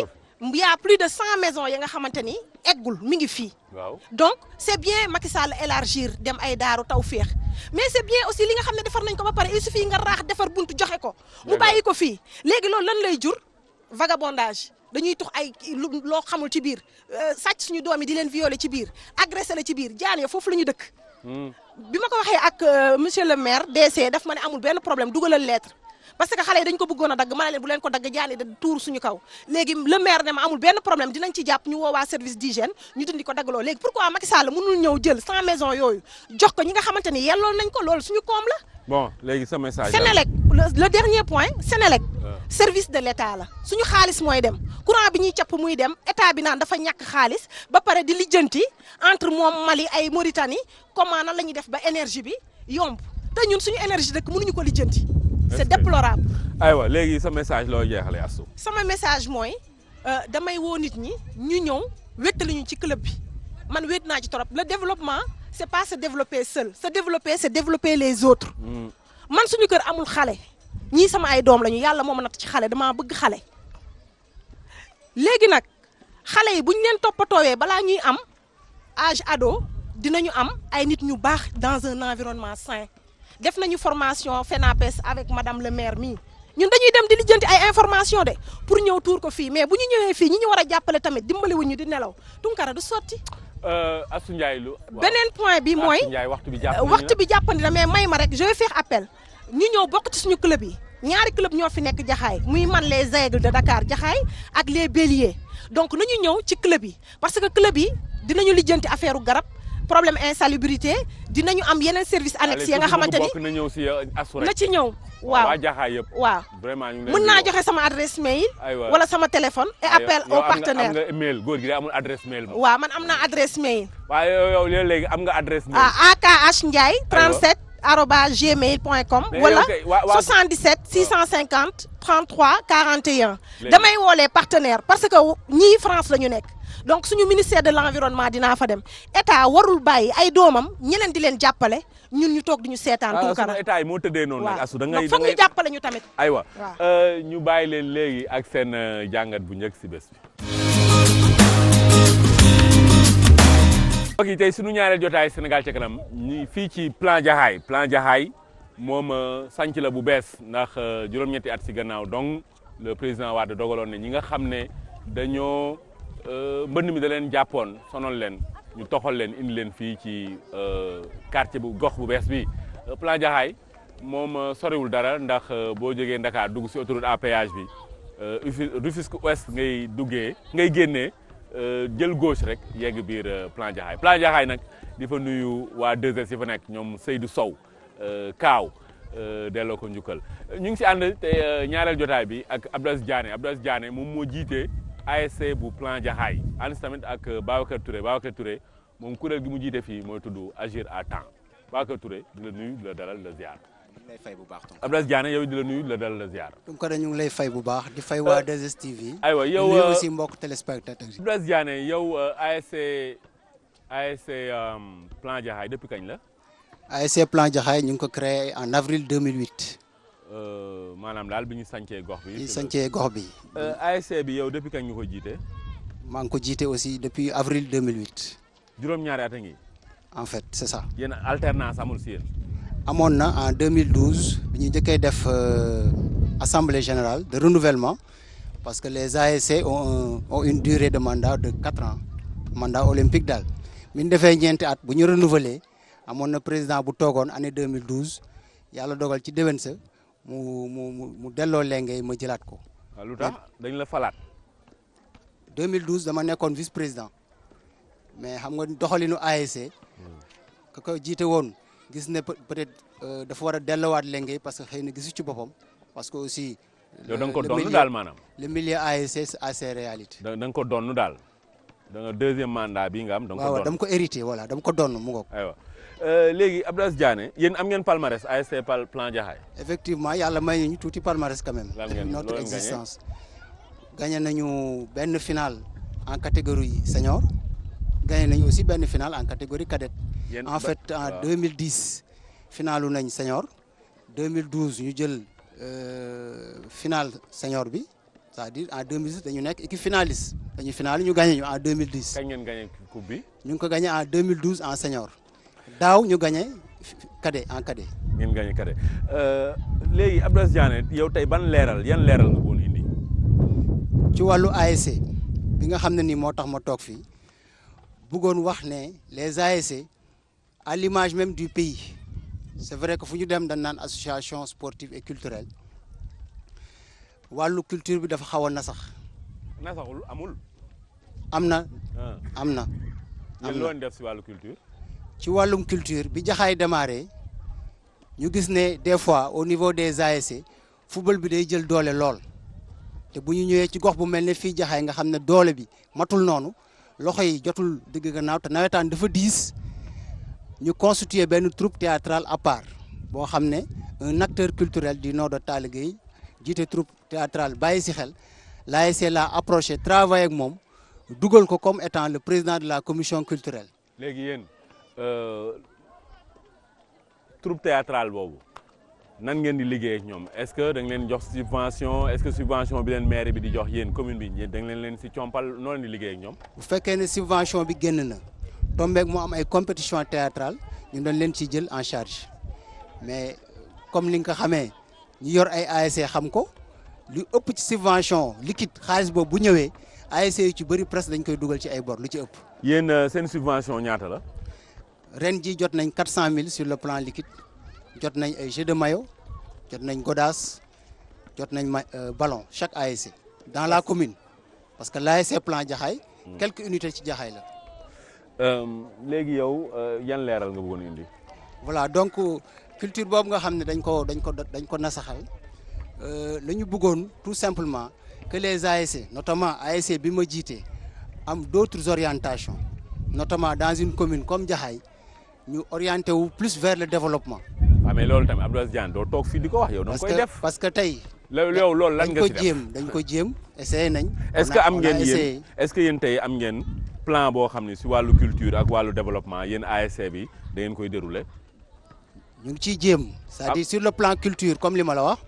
y a plus de cent maisons yi nga xamante ni eggul mi ngi fii donc c'est bien Macky Sall élargir dem ay daaru taw feex mais c'est bien aussi li nga xam ne defar nañ ko ba pare il fii nga raax defar buntu joxe ko mu bàyyi ko fii léegi loolu lan lay jur vagabondage dañuy tux ay loo xamul ci biir euh, sàcc suñu doom yi di leen violer ci biir agressé la ci biir jaan ya foofu la ñu dëkk hmm. bi ma ko waxee ak euh, monsieur le maire DC daf ma ne amul benn problème dugalal leetre parce que xale yi dañ ko bëggoon a dagg ma ne leen bu leen ko dagg jaani da tuur suñu kaw léegi le maire ne amul benn problème dinañ ci jàpp ñu woowaa service d'hygiène ñu dindi ko daggaloo léegi pourquoi Macky Sall mënul ñëw jël 100 maisons yooyu jox ko ñi nga xamante ni yellool nañ ko loolu suñu koom la bon léegi message le dernier point Sénélec service de l'État la suñu xaalis mooy dem courant bi ñuy capp muy dem état bi naan dafa ñàkk xaalis ba pare di lijjanti entre moom Mali ay Mauritanie comment la ñuy def ba énergie bi yomb te ñun suñu énergie rek mënuñu ko lijjanti c'est déplorable. aywa léegi sa message loo jeexale Astou. sama message mooy euh, damay woo nit ñi ñu ñëw wéttali ñu ci club bi man wét naa ci trop le développement c'est pas se développer seul se développer c'est développer les autres. Hmm. man suñu kër amul xale ñii sama ay doom lañu yàlla moom ma natt ci xale damaa bëgg xale léegi nag xale yi buñ leen toppatoowee balaa ñuy am âge ado dinañu am ay nit ñu baax dans un environnement def nañu formation FENAPES avec madame le maire mii ñun dañuy dem di lijjanti ay information de pour ñëw tuur ko fii mais bu ñu ñëwee fii ñi ñu war a jàppale tamit dimbali wuñu di nelaw Tunkara du sotti. Euh, Assou Ndiaye lu. beneen point bi mooy waxtu bi jàppandi waxtu bi jàppandi la mais may ma rek je vais faire appel ñu ñëw bokk suñu club yi. ñaari club ñoo fi nekk jaxaay muy man les aigles da Dakar jaxaay ak les béliers donc nañu ñëw ci club yi parce que club yi dinañu lijjanti affaire garab problème insalubrité dinañu am yeneen service annexe ya nga xamante ni euh, na ci ñëw waaw waa jaaxaay yëpp waaw vraiment ñu ngi mën naa joxe sama adresse mail wala sama téléphone et appel aux partenaires am nga mail góor gi day amul adresse mail waaw man am naa adresse mail waaw yow yow léegi am nga adresse mail akh ndiaye 37 arroba gmail point com wala 77 650 33 41 damay woolee partenaire parce que ñii France la ñu nekk donc suñu ministère de l'environnement dinaa fa dem état warul bàyyi ay doomam ñeneen di leen jàppale ñun ñu toog di ñu seetaan. Ah, Tounkara état yi moo tëddee noonu. nag a da ngay foog ñu jàppale ñu tamit. aywa euh, ñu bàyyi leen léegi ak seen euh, jàngat bu njëkk si bés bi. mbokk yi sunu ñaareel jotaay Sénégal ca nam ñi fii ci plan Jaxaay plan Jaxaay moom euh, sanc la bu bees ndax juróom-ñetti at si gannaaw donc le président Wade dogaloon ne ñi nga xam ne dañoo. Euh, mbënn mi daleen leen jàppoon sonal leen ñu toxal leen indi leen fii ci euh, quartier bu gox bu bees bi euh, plan Jaxaay moom soriwul dara ndax boo jógee Ndakaar dugg si autoroute à péage bi Rufisque Ouest ngay duggee ngay génnee jël gauche rek yegg biir plan Jaxaay plan Jaxaay nag di fa nuyu waa 2 si yi fa nekk ñoom Seydou Sow Kaaw delloo ko njukkal ñu ngi si ànd te ñaareel jotaay bi ak Abdoulaye Diané Abdoulaye Diané moom moo jiitee ASC bu plan Jaxaay ànd si tamit ak euh, Babacar Touré Babacar Touré moom kuréel gi mu jiite fii mooy tudd agir à temps Babacar Touré di la nuyu di la dalal la ziar. ñu bu baax Tonka Abdoulaye Diané yow di la nuyu di la dalal la ziar. Tonka ñu ngi lay fay bu baax di fay waa 2STV. aywa yow nuyu aussi euh, mbokk téléspectateur yi. Abdoulaye Diané yow euh, ASC ASC plan Jaxaay depuis kañ la. ASC plan Jaxaay ñu ngi ko créé en avril 2008. Euh, maanaam daal bi ñu sancee gox bi. sancee gox bi. Euh, ASC bi yow depuis kañ nga ko jiite. maa ngi ko jiite aussi depuis avril 2008. juróom-ñaari at a ngi. en fait c' est ça. yéen alternance amul si amoon na en 2012 bi ñu jëkkee def euh, assemblée générale de renouvellement parce que les ASC ont ont une durée de mandat de quatre ans mandat olympique daal bi defee ñeenti at bu ñu renouveler amoon na président bu toogoon année 2012 yàlla dogal ci déwén mu mu mu mu delloo lenge ma jëlaat ko. lu tax dañ la falaat. 2012 dama nekkoon vice président mais xam nga doxalinu ASC. ka ko jiite woon gis ne peut-être euh, dafa war a delloowaat lenge parce que xëy na gisu ci boppam parce que aussi. Euh, yow da nga ko maanaam. le milieu ASC à ses réalités. da nga ko donnu daal. da nga deuxième mandat bi nga am. da nga ko donnu hérité voilà dam ko donnu mu ngoog. Euh, léegi Abdoulaye Diané yéen am ngeen palmarès ASC Pal Plan Jaxaay effectivement yàlla may ñu tuuti palmarès quand même. notre existence. gagné nañu benn finale en catégorie senior. gagné nañu aussi benn finale en catégorie cadette. en fait en 2010 finalu nañ senior. 2012 ñu jël euh, finale senior bi c'est-à-dire en 2010 dañu nekk équipe finaliste dañu finale ñu gagné ñu en 2010. kañ ngeen bi. ñu ngi ko gagné en 2012 en senior. daaw ñu gagné cadet en cadet. ngeen gagné cadet euh, léegi Abdou Aziz yow tey ban leeral yan leeral nga ko ci wàllu ASC bi nga xam ne nii moo tax ma toog fii bëggoon wax ne les ASC à l'image même du pays c'est vrai que fu ñu dem dañ naan association sportive et culturelle wàllu culture bi dafa xaw a nasax. nasaxul amul. am na. Ah. am na. am na def si wàllu culture. ci wàllum culture bi jaxaay démarré ñu gis ne des fois au niveau des ASC football bi day jël doole lool te bu ñu ñëwee ci gox bu mel ne fii jaxaay nga xam ne doole bi matul noonu loxo yi jotul digg gannaaw te nawetaan dafa diis ñu constituer benn troupe théâtrale à part boo xam ne un acteur culturel du nord de Talla Gueye jiite troupe théâtrale bàyyi si xel l'ASC l'a approcher travaille ak moom dugal ko comme étant le président de la commission culturelle Euh, troupe théâtrale boobu nan ngeen di liggéey ñoom est-ce que da leen jox subvention est-ce que subvention bi leen maire bi di jox yéen commune bi da leen leen si noo noonu di liggéey ñoom. bu fekkee ne subvention bi génn na tombeeg moo am ay compétition théâtrale ñu doon leen ci jël en charge mais comme li nga ko xamee ñu yor ay ASC xam ko lu ëpp ci subvention liquide xaalis boobu bu ñëwee ASC yi ci bëri presque dañ koy dugal ci ay bor lu ci ëpp. yéen euh, seen subvention ñaata la. ren ji jot nañ 400000 sur le plan liquide jot nañ ay jeu de maillot jot nañ godasse jot nañ ma euh, ballon chaque ASC dans la commune parce que l'ASC plan Jaxaay hmm. quelque unité ci Jaxaay la euh, léegi yow euh, yan leeral nga bëggoon indi voilà donc culture boobu nga xam ne dañ ko dañ ko dañ ko nasaxal la ñu bëggoon tout simplement que les ASC notamment ASC bi ma jiitee am d'autres orientations notamment dans une commune comme Jaxaay ñu orienté wu plus vers le développement. waaw ah, mais loolu tamit Abdou Aziz Diagne doo toog fii di ko wax yow. da nga koy def parce que tey. yow loolu lan nga ci def dañ ko jéem dañ ko jéem essayé nañ. est-ce que am ngeen yéen est-ce que yéen tey am ngeen plan boo xam ne si wàllu culture ak wàllu développement yéen ASC bi da ngeen koy dérouler. ñu ngi ciy jéem. c'est-à-dire ah. sur le plan culture comme li ma la wax.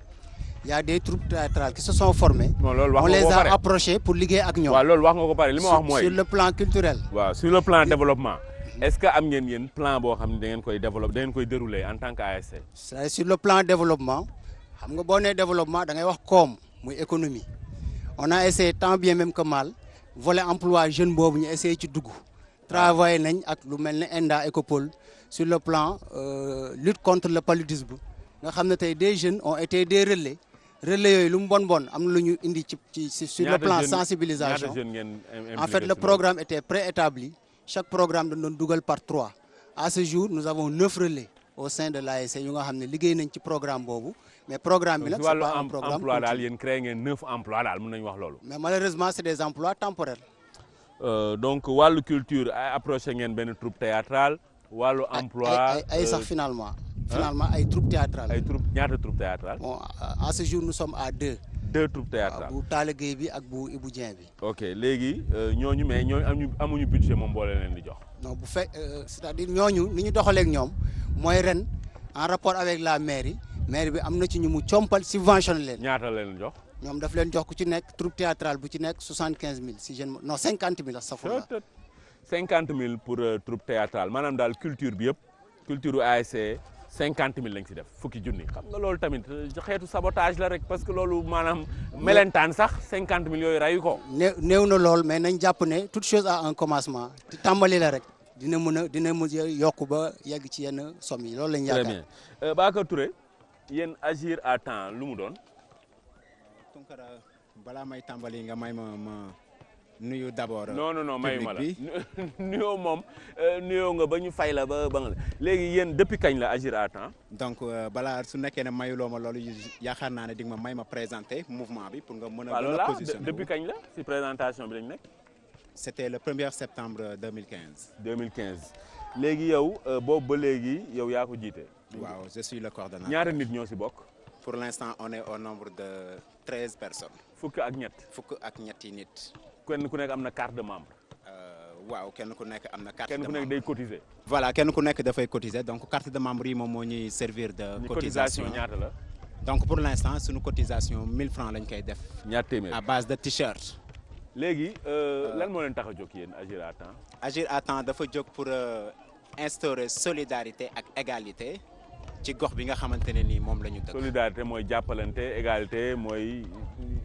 y a des troupes théâtrales qui se sont formées. non loolu wax nga ko pare on les a approchés pour liggéey ak ñoom. waaw loolu wax nga ko pare li ma wax mooy. sur le plan culturel. waaw sur le plan développement. est-ce que am ngeen yéen plan boo xam ne da ngeen koy développer da koy dérouler en tant que ASC. sur le plan développement xam nga boo nee développement da wax koom muy économie on a essayé tant bien même que mal emploi jeune boobu ñu essayé ci dugg. travaillé nañ ak lu mel ne ENDA Ecopole sur le plan euh, lutte contre le bu nga xam ne tey des jeunes on été des relais relais yooyu lu mu bon bon am na lu ñu indi ci ci sur le plan sensibilisation en fait le programme était préétabli chaque programme dañ doon dugal par trois à ce jour nous avons neuf relais au sein de l'ASC yu nga xam ne liggéey nañ ci programme boobu mais programme bi nag emploi daal yéen créé ngeen neuf emplois daal mën nañu wax loolu mais malheureusement c'est des emplois temporaires euh, donc wàllu culture ay approché ngeen benn troupe théâtrale wàllu emploi ay sax euh, finalement finalement ay troupe théâtrale ay troupe bon à ce jour nous sommes à deux deux troupes théâtrales bu Talla Gueye bi ak bu Ibou Dieng bi. ok léegi euh, ñooñu mais ñooñu amuñu amuñu budget moom boo leen di jox. non bu fekk euh, c'est-à-dire ñooñu ni ñu ñoom mooy ren en rapport avec la mairie mairie bi am na ci ñu mu compal subvention leen. ñaata leen jox. ñoom daf leen jox ku ci nekk troupe théâtrale bu ci nekk soixante quinze mille si jeune no cinquante mille astafurlah. cinquante mille pour euh, troupe théâtrale maanaam daal culture bi yëpp culture ASC. cinquante mille lañ si def fukki junni xam nga loolu tamit euh, xeetu sabotage la rek parce que loolu maanaam melentaan sax cinquante mille yooyu rayu ko. néew na lool mais nañ jàpp ne toute chose a en commencement tàmbali la rek dina mën a dina mën a yokk ba yegg ci yenn somme yi loolu lañ yaakaar. très ture euh, Bakar Touré yéen agir à temps lu mu doon. Tunkara balaa may tàmbali nga may ma ma. nuyu d'abord. non non non mayuma la [laughs] nuyoo moom euh, nuyoo nga ba ñu fay la ba ba nga léegi yéen depuis kañ la agir à temps. donc euh, balaa su nekkee ne mayuloo ma loolu yaakaar naa ne di ma may ma présenter mouvement bi pour nga mën a. mën a kañ la présentation bi lañ nekk. c' était le 1er septembre 2015. 2015 léegi yow euh, boobu ba léegi yow yaa ko jiite. waaw je suis le coordonnateur. ñaata nit ñoo si bokk. pour l' instant on est au nombre de treize personnes. fukk ak ñett. fukk ak ñetti nit. kenn ku nekk am na carte de membre. Euh, waaw kenn ku nekk am na. carte de membre kenn ku nekk day cotiser. voilà kenn ku nekk dafay cotiser donc carte de membre yi moom moo ñuy servir de. cotisation ñaata la. donc pour l' instant suñu cotisation 1000 francs lañ koy def. ñaar téeméer à base de t-shirt. léegi euh, euh. lan moo leen tax a jóg yéen agir à temps. agir à temps dafa jóg pour instaurer solidarité ak égalité. ci gox bi nga xamante ne nii moom la ñu dëkk. solidarité mooy jàppalante égalité mooy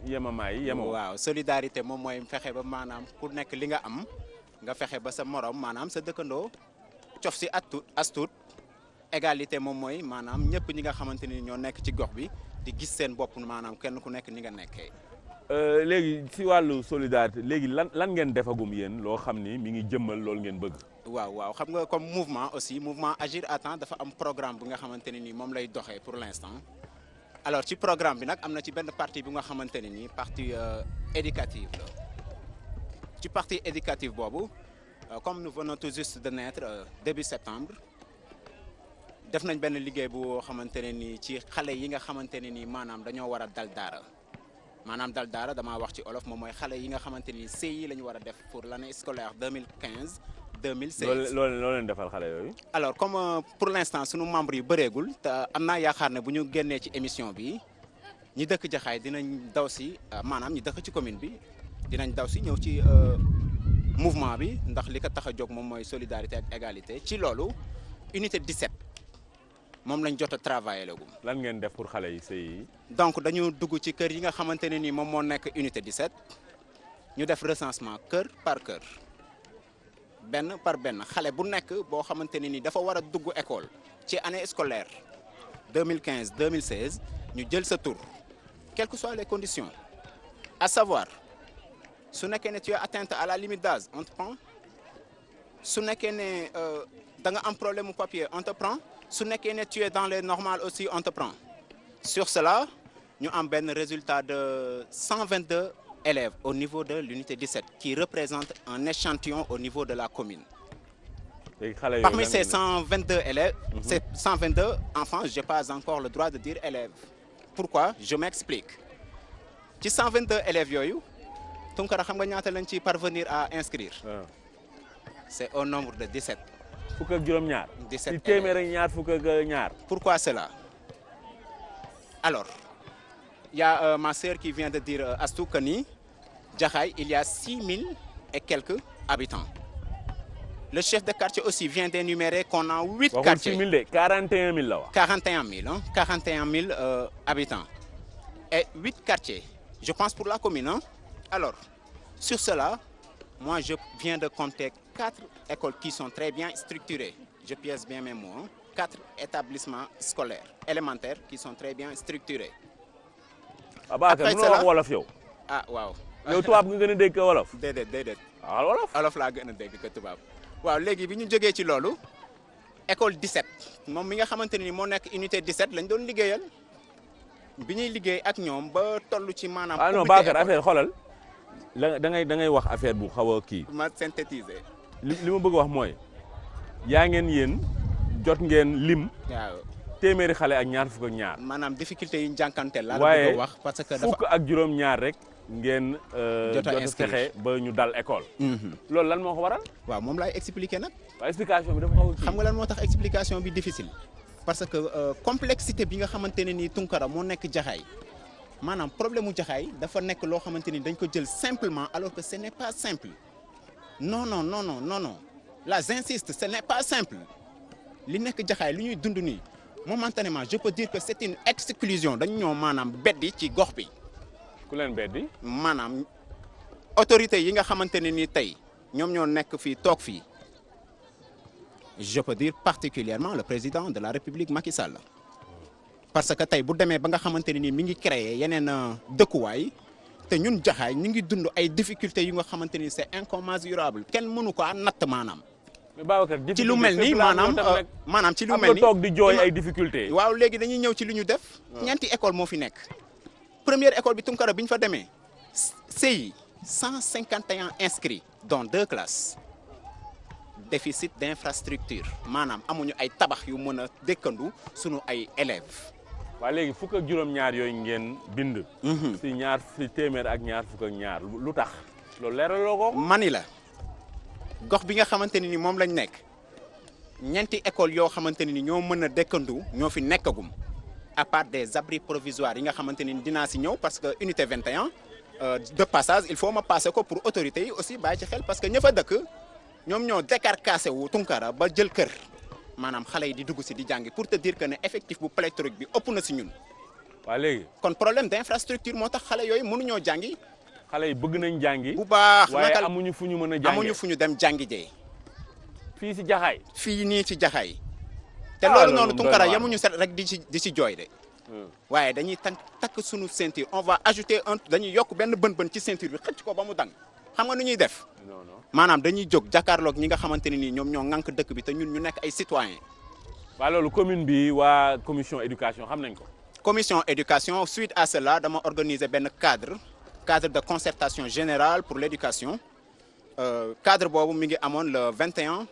yemamaay yemoo. waaw solidarité moom mooy fexe ba maanaam ku nekk li nga am nga fexe ba sa morom maanaam sa dëkkandoo cof si at tuut égalité moom mooy maanaam ñëpp ñi nga xamante ni ñoo nekk ci gox bi di gis seen bopp maanaam kenn ku nekk ni nga nekkee. Euh, léegi si wàllu solidarité léegi lan lan ngeen defagum yéen loo xam ni mi ngi jëmmal loolu ngeen bëgg. waaw waaw xam nga comme mouvement aussi mouvement Agir à temps dafa am programme bi nga xamante ne ni moom lay doxee pour l'instant alors ci programme bi nag am na ci benn partie bi nga xamante ne ni partie euh, éducative ci partie éducative boobu euh, comme nous venons tout juste de naître début septembre def nañ benn liggéey bu xamante ne ni ci xale yi nga xamante ne ni maanaam dañoo war a dal daara. maanaam dal daara damaa wax ci olof moom mooy xale yi nga xamante ni CI la ñu war a def pour l' année scolaire 2015 2016. loolu loolu loolu leen defal xale yooyu. alors comme euh, pour l' instant sunu membres yu bëreegul te am naa yaakaar ne bu ñu génnee ci émission bi ñi dëkk Jaxaay dinañ daw si euh, maanaam ñi dëkk ci commune bi dinañ daw si ñëw ci euh, mouvement bi ndax li ko tax a jóg moom mooy solidarité ak égalité ci loolu unité 17. moom lañ jot a travaillé lagum. lan ngeen def pour xale yi sëy yi. donc dañu dugg ci kër yi nga xamante ne ni moom moo nekk unité 17 ñu def recensement kër par kër benn par benn xale bu nekk boo xamante ne ni dafa war a dugg école ci année scolaire 2015 2016 ñu jël sa tour quelles que soient les conditions à savoir su nekkee ne tu es à la limite d'âge on su nekkee ne euh, da nga am problème mu papier on su nekkee ne tu dans les normales aussi on te prend sur cela ñu am benn résultat de 122 élèves au niveau de l'unité 17 qui représente un échantillon au niveau de la commune parmi ces 122 élèves mm -hmm. ces 122 enfants j'ai pas encore le droit de dire élèves pourquoi je m'explique ci 122 élèves yooyu Tunkara xam nga ñaata lañ ci parvenir à inscrire ah. c'est au nombre de 17 fukk ak juróom-ñaar. 17 élèves ci téeméer ñaar fukk ak euh, ñaar. pourquoi cela alors ya y a euh, ma sœur qui vient de dire euh, Astou que ni Jaxaay il y a et quelques habitants le chef de quartier aussi vient d'énumérer qu'on a huit quartiers waxul 6000 de 41000 la wax. 41000 ah 41000 euh, habitants et huit quartiers je pense pour la commune hein? alors sur cela moi je viens de compter quatre écoles qui sont très bien structurées. Je pièce bien mes mots. Quatre établissement scolaires élémentaires qui sont très bien structurés. Abaaka ah, mënoo wax wolof yow. ah waaw. yow tubaab nga gën a dégg wolof. déedéet déedéet. ah wolof wolof laa gën a dégg ko tubaab. waaw léegi bi ñu jógee ci loolu école 17 moom mi nga xamante ni moo nekk unité 17 lañ doon liggéeyal bi ñuy liggéey ak ñoom ba toll ci maanaam. ah non Bakar affaire xoolal. la da ngay da ngay wax affaire bu xaw a kii. ma synthétiser. li ma bëgg wax mooy yaa ngeen yéen jot ngeen lim. waaw téeméeri xale ak ñaar fukk ak ñaar. maanaam difficulté yi ñu jànkanteel la waaye wax parce que dafa fukk ak juróom ñaar rek. ngeen euh, jot a fexe ba ñu dal école. Mhm. loolu lan moo ko waral. waaw moom lay expliqué nag. waaw explication bi dafa xaw xam nga lan moo tax explication bi difficile. parce que euh, complexité bi nga xamante ne nii Tunkara moo nekk jaxaay maanaam problème mu jaxaay dafa nekk loo xamante ni dañ ko jël simplement alors que ce non non non non non non là j'insiste ce n'est pas simple li nekk jaxaay li ñuy dund nii momentanément je peux dire que c'est une exclusion dañu ñëw maanaam beddi ci gox bi. ku leen beddi. maanaam autorités yi nga xamante ne nii tey ñoom ñoo nekk fii toog fii je peux dire particulièrement le président de la République Macky Sall parce que tey bu demee ba nga xamante ne nii mi ngi créer yeneen euh, dëkkuwaay. te ñun jaxaay ñu ngi dund ay difficultés yu nga xamante ni c'est incommensurable kenn mënu ko natt maanaam. ci lu mel ni maanaam euh, maanaam ci lu mel ni toog di jooy ay difficultés. waaw léegi dañuy ñëw ci li ñu def. ñeenti école moo fi nekk. premier école bi Tunkara bi ñu fa demee cinquante 151 inscrits dont deux classes. déficit d'infrastructure maanaam amuñu ay tabax yu mën a dëkkandu sunu ay élèves. waa léegi fukk ak juróom-ñaar yooyu ngeen bind. Mhm. si ñaar si téeméer ak ñaar fukk ñaar lu tax. loolu leeraloo ko. mani la gox bi nga xamante ne ni moom lañ nekk ñeenti école yoo xamante ne ni ñoo mën a dëkkandu ñoo fi nekkagum à part des abris provisoires yi nga xamante ne dinaa si ñëw parce que unité 21 euh, de passage il faut ma passé ko pour autorité yi aussi bàyyi ci xel parce que ña fa dëkk ñoom ñoo décarcassé wu Tunkara ba jël kër. maanaam xale yi di dugg si di jàngi pour te dire que ne effectif bu pléthorique bi ëpp na si ñun. waaw léegi kon problème d' infrastructure moo tax xale yooyu ñoo jàngi. xale yi bëgg nañ jàngi. bu baax waaye amuñu fu ñu mën a jàngi amuñu fu ñu dem jàngi jee. fii si jaxaay fii nii ci jaxaay ah, te loolu noonu Tunkara yamuñu set rek di ci di ci jooy de. Hmm. waaye dañuy takk takk suñu ceinture on va ajouter un dañuy yokk benn bën-bën ci ceinture bi xëcc ko ba mu dang xam nga nu ñuy def. maanaam dañuy jóg jàkkaarloog ñi nga xamante ne nii ñoom ñoo ŋànk dëkk bi te ñun ñu nekk ay citoyen waa loolu commune bi waa commission éducation xam nañ ko. commission éducation suite à cela dama organiser benn cadre cadre de concertation générale pour léducation éducation euh, boobu mi ngi amoon le 21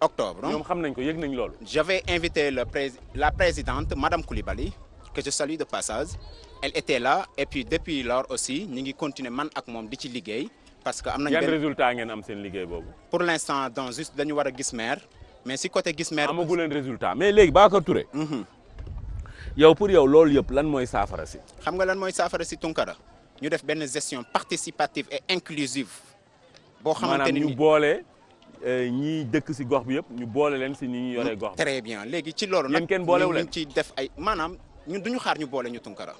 octobre. ñoom xam nañ ko yëg nañ loolu. j'avais invité le pré la présidente madame kulibali que je salue de passage elle était là et puis depuis lors aussi ñi ngi continuer man ak di ci liggéey. parce que am nañ benn résultat am seen liggéey boobu. pour l' instant donc juste dañu war a gis maire si côté gis maire. amagu résultat mais léegi Bakar mhm. yow pour yow loolu yëpp lan mooy saafara si. xam nga lan mooy saafara si Tunkara ñu def benn gestion participative et inclusive. boo xamante ni ñu boole euh, ñiy dëkk si gox bi yëpp ñu boole leen si ni ñuy yoree mm, gox bi. très bien léegi ci loolu. nag ñu ngi ciy def ay maanaam ñun du ñu xaar ñu boole ñu Tunkara.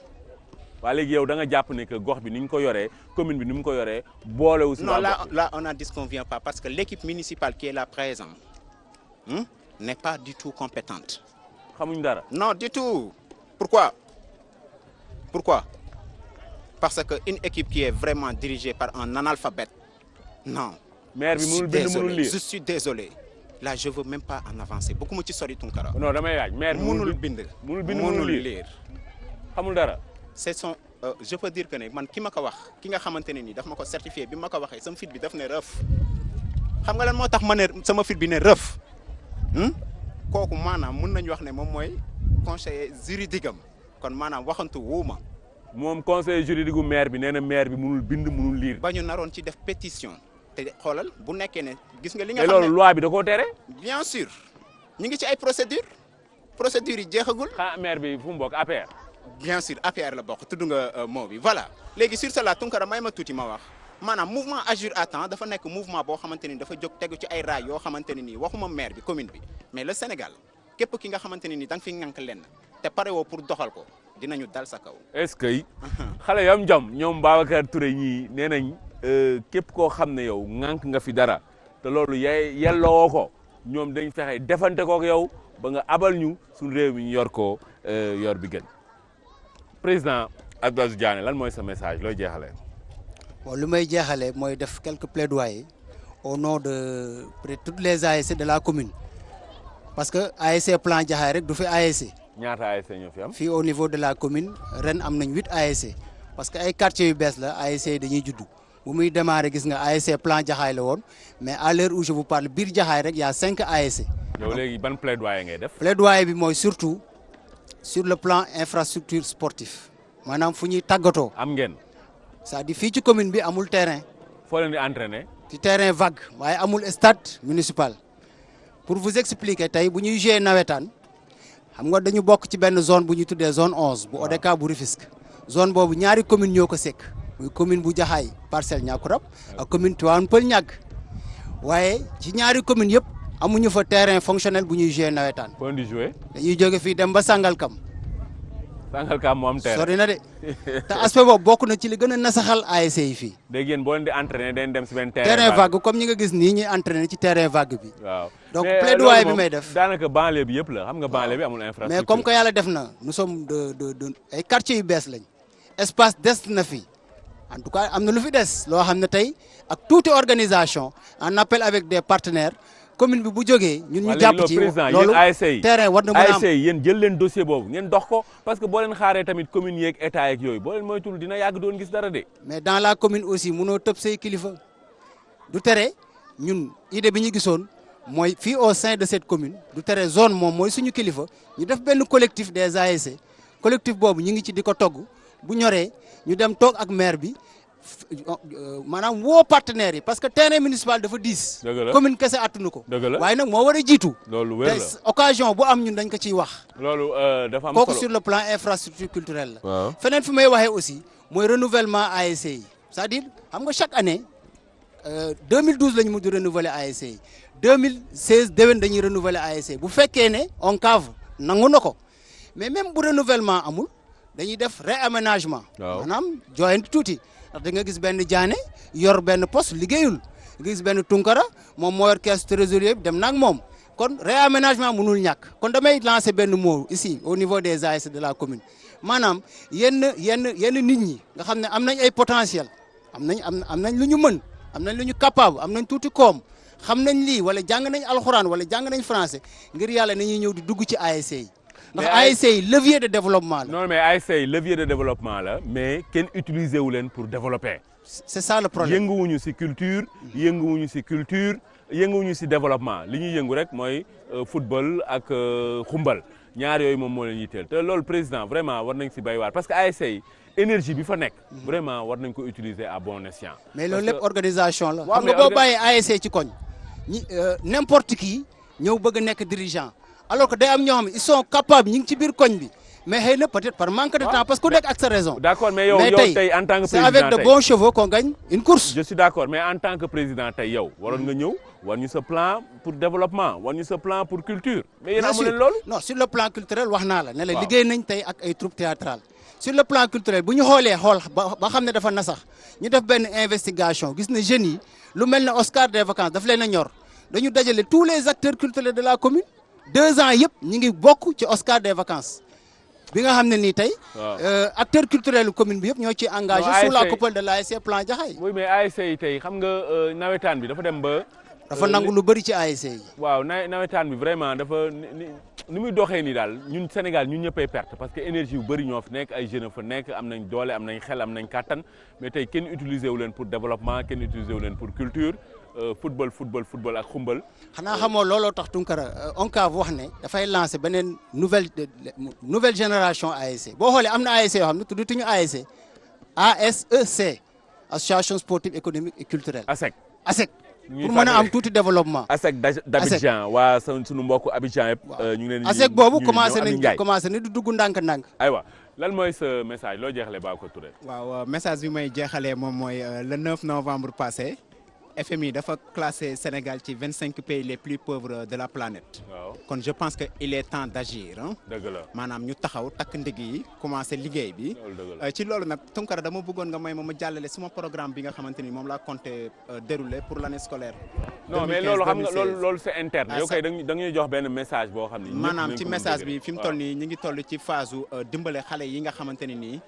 waaye léegi yow da nga jàpp ne que gox bi ni ko yore commune bi ni mu ko yoree boolewu si non là là on n'en disconvient pas parce que l'équipe municipale qui est là présent hein, hmm, n'est pas du tout compétente xamuñ dara non du tout pourquoi pourquoi parce que une équipe qui est vraiment dirigée par un analphabète non maire bi mënul bind mënul lire je suis désolé là je veux même pas en avancer bëgguma ci sori Tunkara non damay laaj maire mënul bind mënul bind mënul lire xamul dara c'est son euh, je peux que ne man ki ma ko wax ki nga xamante ne nii daf ma ko certifié bi ma ko waxee sama fit bi daf ne rëf xam nga lan moo tax ma ne sama fit bi ne rëf hmm? kooku maanaam mun nañu wax ne moom mooy conseiller juridique kon maanaam waxantu wuuma moom conseiller juridique bi nee na maire bi munul bind munul liir. ba ñu naroon ci def pétition te xoolal bu nekkee ne. gis nga li nga xam ne loolu loi bi da koo tere. bien sûr ñu ngi ci ay procédures procédures yi jeexagul. maire bi fu mu bien sûr APR la bokk tudd nga euh, moo bi voilà léegi sur cela Tunkara may ma tuuti ma wax maanaam mouvement Agir à temps dafa nekk mouvement boo xamante ni dafa jóg tegu ci ay raay yoo xamante ne nii waxuma maire bi commune bi mais la Sénégal képp ki nga xamante ne nii da nga fi ŋànk lenn te pare woo pour doxal ko dinañu dal sa kaw. est-ce que xale yam jam ñoom Babacar Touré ñii nee nañ euh, képp koo xam ne yow ŋànk nga fi dara te loolu yaay yelloo ko ñoom dañ fexe defante kook yow ba nga abal ñu suñu réew ñu yor ko euh, yor bi gën. président Abdoulaye Diané lan mooy sa message looy jeexalee. bon lu may jeexalee mooy def quelque quelques plaidoyers au nom de près toutes les ASC de la commune parce que ASC plan Jaxaay rek du fi ASC. ñaata ASC ñoo fi fii au niveau de la commune ren am nañ huit ASC parce que ay quartiers yu bees la ASC dañuy juddu. bu muy démarré gis nga ASC plan Jaxaay la woon mais à l'heure où je parle biir Jaxaay rek ya cinq ASC. yow léegi ban plaidoyer ngay def. plaidoyer sur le plan infrastructure sportive maanaam fu ñuy tàggatoo. am ngeen. saa di dire fii ci commune bi amul terrain. foo leen di ci terrain vague waaye amul stade municipal. pour vous expliquer tey bu ñuy jouer nawetaan xam nga dañu bokk ci benn zone bu ñuy tuddee zone onze. bu ODCAV bu Rufisque. zone boobu ñaari commune ñoo ko sekk commune bu Jaxaay parcelle Niakoulrab ak commune Tivaouane Peulh Niaga waaye ci ñaari commune yëpp. amuñu fa terrain fonctionnel bu ñuy jouer nawetaan. kon di jouer. dañuy jóge fii dem ba Sangalkam. Sangalkam mu am terrain sori na de [laughs] te aspect boobu bokk na ci li gën a nasaxal ASC yi fii. léegi yéen boo leen di entraîner dañ dem si benn. terrain vague comme ñi nga gis nii ñuy entraîner ci terrain vague bi. waaw donc plaidoyer bi may def daanaka banlieue bi yëpp la xam nga banlieue bi amul infrastructure. mais comme que yàlla def na nous sommes de de de ay quartiers yu bees lañ espace des na fi. en tout cas am na lu fi des loo xam ne tey ak tuuti organisation en appel avec des partenaires commune bi bu jógee ñun ñu jàpp ci loolu terrain war na mën ASC yéen jël leen dossier boobu ngeen dox ko parce que boo leen xaaree tamit commune yeeg état yeeg yooyu boo leen moytul dina yàgg doon gis dara de. mais dans la commune aussi munoo tëb say kilifa du tere ñun idée bi ñu gisoon mooy fii au sein de cette commune du tere zone moom mooy suñu kilifa ñu def benn collectif des ASC collectif boobu ñu ngi ci di ko togg bu ñoree ñu dem toog ak maire bi Oh, euh, maanaam woo partenaires yi parce que terrain municipal dafa diis. commune kese attunu ko. waaye nag moo war a jiitu. loolu wér la bu am ñun dañ ko ciy wax. loolu euh, dafa am solo kooku sur le plan infrastructure culturelle la. feneen fi may waxee aussi mooy renouvellement ASC yi c'est-à-dire xam nga chaque année 2012 euh, lañu mujj renouveler ASC yi 2016 déwén dañuy renouveler ASC bu fekkee ne on cave nangu na ko mais même bu renouvellement amul dañuy def réaménagement. waaw maanaam joint tuuti. ndax da nga gis benn jaane yor benn poste liggéeyul nga gis benn tunkara moom moo yor keesu trésorier dem na ak moom kon réaménagement mënul ñàkk kon damay lancer benn mot ici au niveau des AS de la commune maanaam yenn yenn yenn nit ñi nga xam ne am nañ ay potentiel am nañ am am nañ lu ñu mën am nañ lu ñu capable am nañ tuuti koom xam nañ lii wala jàng nañ alxuraan wala jàng nañ français ngir yàlla nañuy ñëw di dugg ci ASC e ndax ASC yi levier de développement la. mais ASC yi de développement la mais kenn utiliser wu leen pour développer. c'est ça le problème yënguwuñu si culture. yënguwuñu ci culture développement li ñuy yëngu rek mooy euh, football ak euh, xumbal ñaar yooyu moom moo leen yitteel te loolu président vraiment war nañ ci bay waar parce que ay yi énergie bi fa nekk. Mhm. vraiment war nañ ko utiliser à bon escient. mais loolu lépp organisation la. xam nga boo bàyyee ASC ci koñ. ñi euh, n'importe ñëw bëgg nekk dirigeant. alors que day am ñoo xam ne ils sont capables ñi ngi ci biir koñ bi mais xëy na peut-être par manque ah, temps parce que ku nekk ak sa raison. mais yow tey en tant que président tey c'est avec de bons chevaux qu'on gagne course. je suis d'accord mais en tant que président tey yow. waroon nga mm. ñëw war ñu sa plan pour développement war ñu sa plan pour culture. mais yéen amu leen loolu sur le plan culturel wax la. ne la liggéey nañ tey ak ay troupes théâtrales. sur le plan culturel bu ñu xoolee xool ba xam ne dafa nasax ñu def benn investigation gis na jeunes yi lu mel ne Oscar des leen ñor dañu dajale tous les acteurs culturels de la commune. deux ans yëpp ñi ngi bokk ci Oscar des vacance bi nga xam ne nii tey. Euh, acteur culturel commune bi yëpp ñoo ci engagé. sous la coupole de l'ASC plan Jaxaay. oui mais ASC yi tey xam nga euh, nawetaan bi dafa dem ba. dafa euh, nangu lu bëri ci ASC yi. waaw nawetaan bi vraiment dafa ni muy doxee nii daal ñun Sénégal ñun ñëppay perte parce que énergie yu bëri ñoo fi nekk ay jeunes fa nekk am nañ doole am nañ xel am nañ kàttan mais tey kenn utilisé wu leen pour développement kenn wu leen pour culture. Euh, football football football ak xumbal. xanaa xamoo looloo tax Tunkara euh, ONCAV wax ne dafay lancer beneen nouvelle euh, nouvelle génération ASC boo xoolee am na ASC yoo xam ne tuddatuñu ASC ASEC association sportive économique et culturelle. ASEC ASEC. pour mën a am tuuti développement. ASEC e d'Abidjan waa sunu mbokku Abidjan yëpp. ñu ngi leen di ASEC boobu commencé nañ commencé nañ di dugg ndànk-ndànk. aywa lan mooy sa message loo jeexalee Ba ko waaw message bi may jeexalee moom mooy le 9 novembre passé. FMI dafa classé Sénégal ci vingt cinq pays les plus pauvres de la planète. waaw kon je pense que il est temps d' agir. maanaam ñu taxaw takk ndig yi commencé liggéey bi. Euh, ci loolu nag Tunkara dama bëggoon nga may ma ma jàllale suma programme bi nga xamante ni moom laa compté euh, déroulé pour l' ne scolaire. non mais loolu xam nga loolu loolu c' est interne. da nga ñuy jox benn message boo xam ni. maanaam ci message bi fi mu toll nii ñu ngi toll ci phase euh, dimbale xale yi nga xamante ne nii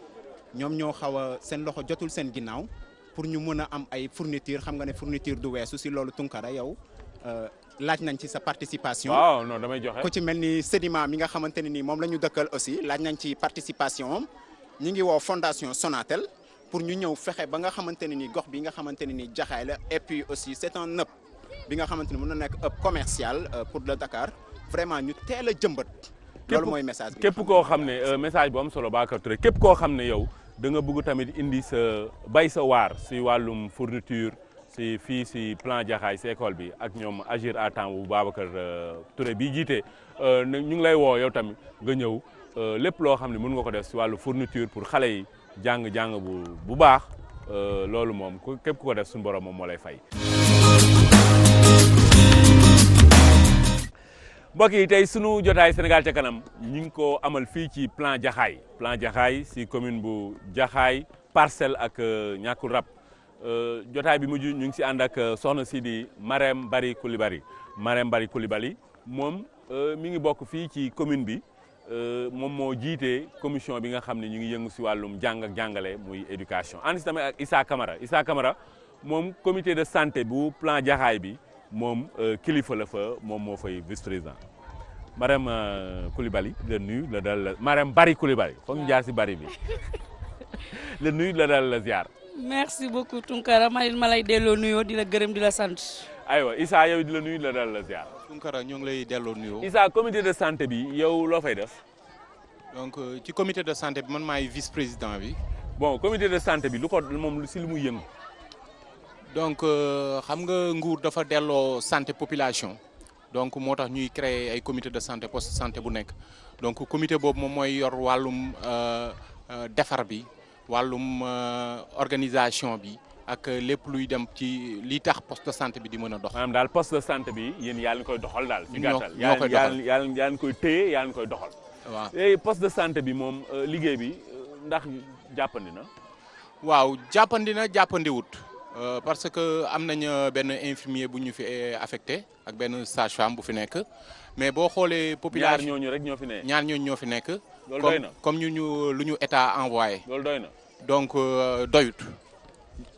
ñoom ñoo xaw a seen loxo jotul seen ginnaaw. pour ñu mën a am ay fourniture xam nga ne fourniture du weesu si loolu Tunkara yow euh, laaj nañ ci sa participation. waaw damay joxe ku ci mel ni Sédima mi nga xamante ne ni moom la ñu dëkkal aussi laaj nañ ci participation am ñu ngi woo fondation Sonatel pour ñu ñëw fexe ba nga xamante ne ni gox bi nga xamante ne ni jaxaay la et puis aussi c'est un hub bi nga xamante ne mën na nekk hub commercial euh, pour le Dakar vraiment ñu teel a jëmbat. loolu mooy message bi képp koo xam ne euh, message bu solo Bakar Touré képp koo xam ne yow. da nga bëgg tamit indi sa bay sa waar si wàllum fourniture si fii si plan Jaxaay si école bi ak ñoom agir à temps bu Babacar euh, Touré bii jiite euh, ñu ngi lay woo yow tamit nga ñëw euh, lépp loo xam ne mën nga ko def si wàllu fourniture pour xale yi jàng jàng bu bu baax loolu moom képp ku ko def suñu borom moom moo lay fay. mbokk yi tey sunu jotaay Sénégal ca kanam ñu ngi ko amal fii ci plan Jaxaay plan Jaxaay si commune bu Jaxaay parcelle ak euh, ñàkkul rab euh, jotaay bi mujj ñu ngi si ànd ak euh, soxna si di Marème Bari Coulibaly Marème Bari Coulibaly moom mi ngi bokk fii ci commune bi moom moo jiite commission bi nga xam ne ñu ngi yëngu si wàllum jàng ak jàngale muy éducation ànd si tamit Issa Camara Issa kamara moom comité de santé bu plan Jaxaay bi moom euh, kilifa la fa moom moo fay vice président Marème Coulibaly euh, la nuyu la daal la Marème Bari Coulibaly foog ñu si Bari bi la nuyu la daal la ziar. merci beaucoup Tunkara man ma lay delloo nuyoo di la gërëm di la sant. aywa issaa yow di la nuyu la daal la ziar. Tunkara ñoo ngi lay delloo nuyoo. Issa comité de santé bi yow loo fay def. donc euh, ci comité de santé bi man maay vice président bi. bon comité de santé bi lu ko moom si lu muy yëngu. donc euh, xam nga nguur dafa delloo santé population donc moo tax ñuy créer ay comité de santé poste santé bu nekk donc comité boobu moom mooy yor wàllum euh, euh, defar bi wàllum organisation bi ak lépp luy dem ci li tax poste de santé bi di mën a dox. maanaam daal poste de santé bi yéen yaa ngi koy doxal daal. ci gàttal ñoo koy doxal yaa yaa ngi koy téye yaa ngi koy doxal. waaw léegi eh, poste de santé bi moom liggéey bi ndax jàppandi na. waaw jàppandi jàppandiwut. Euh, parce que am nañ euh, benn infirmier bu ñu fi euh, affecté ak benn sage-femme bu fi nekk mais boo xoolee. popular ñaar ñooñu rek ñoo fi nekk. ñaar ñooñu ñoo fi nekk. loolu na comme ñu ñu lu ñu état envoyé. loolu na donc doyut.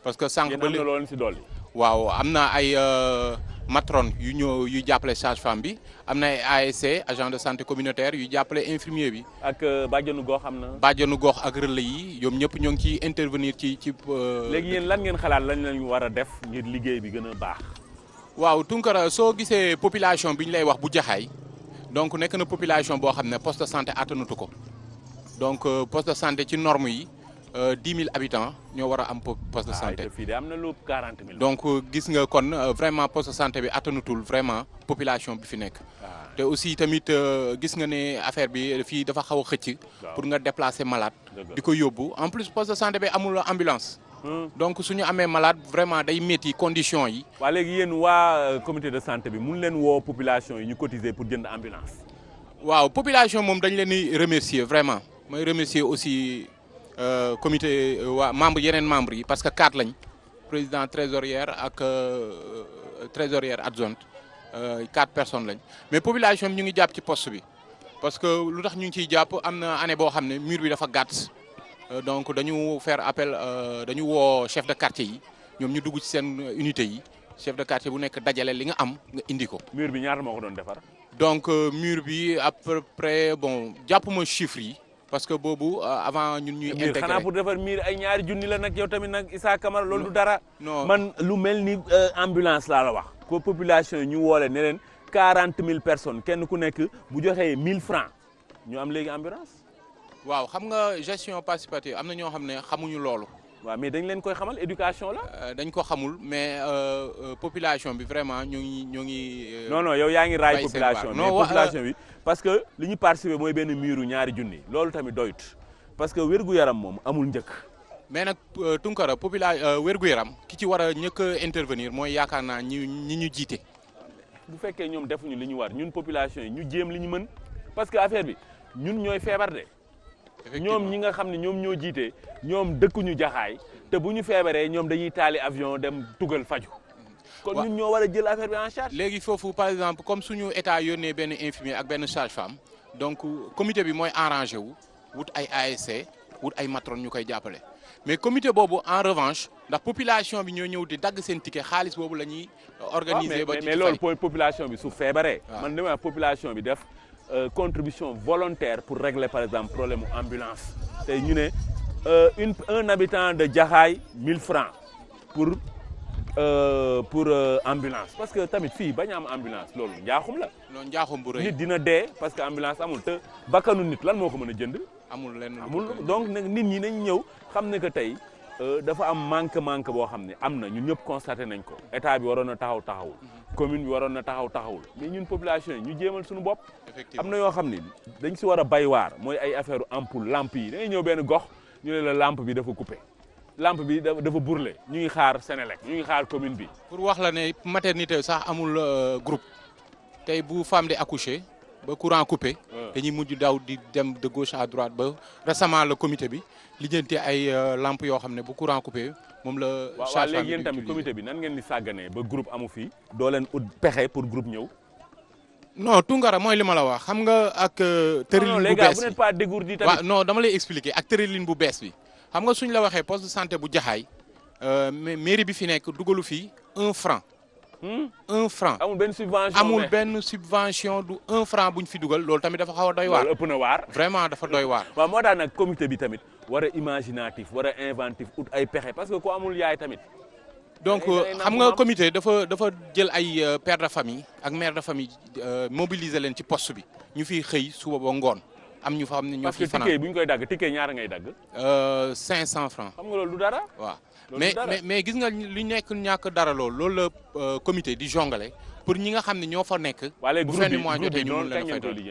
parce que sànq ba léegi yéen am waaw am na ay. matron yu ñëw yu jàppale sage-femme bi am na ay ASC agent de santé communautaire yu jàppale infirmier bi. ak euh, bàjjanu gox am na. bàjjanu gox ak relais yi ñoom ñëpp ñoo ngi ciy intervenir ci ci. Euh, léegi yéen lan ngeen xalaat lañ lañ war a def ngir liggéey bi gën a baax. waaw Tunkara soo gisee population bi ñu lay wax bu jaxaay donc nekk na population boo xam ne poste de santé attanatu ko donc euh, poste de santé ci norme yi. Euh, dix mille habitants ñoo war a am poste de ah, santé. fii de am na lu quarante mille. donc euh, gis nga kon euh, vraiment poste de santé bi attanutul vraiment population bi fi nekk. Ah. te aussi tamit gis nga ne affaire bi fii dafa xaw xëcc. pour nga déplacer malade. di ko yóbbu en plus poste de santé bi amul ambulance. Hmm. donc suñu amee malade vraiment day métti condition yi. waa léegi yéen waa comité de santé bi mun leen woo population yi ñu cotiser pour jënd ambulance. waaw population moom dañ leen di remercier vraiment may remercier aussi. Euh, comité euh, waa membre yeneen membre yi parce que quatre lañ président trésorière ak euh, trésorière adjointe quatre personnes lañ mais population bi ñu ngi jàpp ci post bi parce que lu tax ñu ngi ciy jàpp am na année boo xam ne miir bi dafa gàtt donc dañu faire appel dañu woo chef de quartier yi ñoom ñu dugg ci seen unité yi chef de quartier bu nekk dajale li nga am nga indi ko. mur bi ñaar moo ko doon defar. donc mur bi à bon jàpp ma yi. parce que boobu euh, avant ñun ñuy intégré pour defar miir ay ñaari junni la nag yow tamit nag Issa Camara loolu du dara man lu mel ni euh, ambulance laa la wax ko population ñu woole ne leen quarante mille personnes kenn ku nekk bu joxee mille francs ñu am léegi ambulance waaw xam nga gestion participative am na ñoo xam ne xamuñu loolu waaw mais dañ leen koy xamal éducation la. Euh, dañ ko xamul mais euh, euh, population bi vraiment ñu ngi ñu ngi. non non yow yaa ngi raay population. non population bi parce que li ñu participer mooy benn miiru ñaari junni loolu tamit doyut parce que wér gu yaram moom amul njëkk. mais nag Tunkara population wér gu yaram ki ci war a ñëkk intervenir mooy yaakaar naa ñi ñi ñu jiite. bu fekkee ñoom defuñu li ñu war ñun population yi ñu jéem li ñu mën parce que affaire bi ñun ñooy feebar de. ñoom ñi nga xam ne ñoom ñoo jiite ñoom dëkkuñu jaxaay te bu ñu feebaree ñoom dañuy taali avion dem tugal faju kon ñun ñoo war a jël affaire bi en charge. léegi foofu par exemple comme suñu état yónnee benn infirmier ak benn sage-femme donc comité bi mooy arrangé wu wut ay ASC wut ay matrone ñu koy jàppale mais comité boobu en revanche ndax population bi ñoo ñëw di dagg seen ticket xaalis boobu la ñuy ah, organiser ba mais loolu population bi su feebaree. man dama population bi def. Euh, contribution volontaire pour régler par exemple problème ambulance tey ñu ne euh, une un habitant de Jaxaay mille francs pour euh, pour ambulance parce que tamit fii bañ am ambulance loolu njaaxum la. loolu njaaxum nit dina dee parce que ambulance amul te bakkanu nit lan moo ko mën a jënd. amul lenn amul donc nag nit ñi nañ ñëw xam ne que tey. Euh, dafa am manque manque boo xam ne am na ñun ñëpp constaté nañ ko état bi waroon na taxaw taxawul mhm. commune bi waroon na taxaw taxawul mais ñun population yi ñu jéemal suñu bopp am na yoo xam ni dañ si war a bay waar mooy ay affaire ampoule làmp yi dangay ñëw benn gox ñu ne la làmp bi dafa coupé làmp bi dafa brûlé ñu ngi xaar Senelec ñu ngi xaar commune bi pour wax la ne maternité sax amul euh, groupe tey bu femme di accoucher ba courant coupé dañuy mujj daw di dem de gauche ba récemment le bi lijjanti ay euh, lampe yoo xam ne bu courant coupé moom la. waaw waaw léegi tamit comité bi nan ngeen di sàgganee ba groupe amu fi. doo leen ut pexe pour group ñëw. non Tounkara mooy li ma la wax xam nga ak. Euh, tërëlin bu bees bi waaw non dama lay expliquer ak tërëlin bu bees bi. xam nga suñ la waxee poste de santé bu jaxaay euh, mairie bi fi nekk dugalu fii un franc. Hmm? un franc amul benn subvention amul benn subvention du un franc bu ñu fi dugal loolu tamit dafa xaw a doy waar. na waar. vraiment dafa doy waar. waaw moo tax comité bi tamit. wara a imaginatif war a inventif ut ay pexe parce que ko amul yaay tamit. donc euh, xam nga comité dafa dafa jël ay euh, père de famille ak mère de famille euh, mobiliser leen ci post bi ñu fiy xëy suba ba ngoon am ñu fa am ne ñoo fiy fanaan parce que ticket bu ñu koy dagg ticket ñaara ngay dagg. 500 francs xam nga loolu du dara. waaw mais mais mais gis nga li nekk ñàkk dara lool loolu la comité di jongale. pour ñi nga xam ne ñoo fa nekk. bu fenn mois jotee ñu mun leen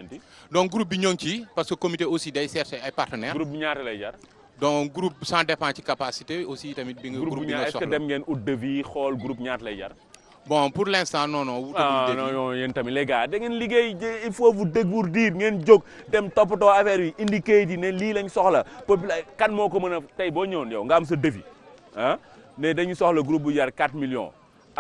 fay donc groupe bi ñoo ngi ci parce que comité aussi day chercher ay partenaires. groupe bi jar. donc groupe sans dépend ci aussi tamit. bi nga groupe bi nga soxla est-ce que dem ngeen ut devis xool groupe ñaata lay jar. bon pour l'instant non non. ah non non da ngeen liggéey il faut vous dégourdir ngeen jóg dem toppatoo affaire yi indi kayit yi ne lii lañ soxla population kan moo ko mën a tey boo ñëwoon yow nga am sa devis ah ne dañu soxla groupe bu jar 4 millions.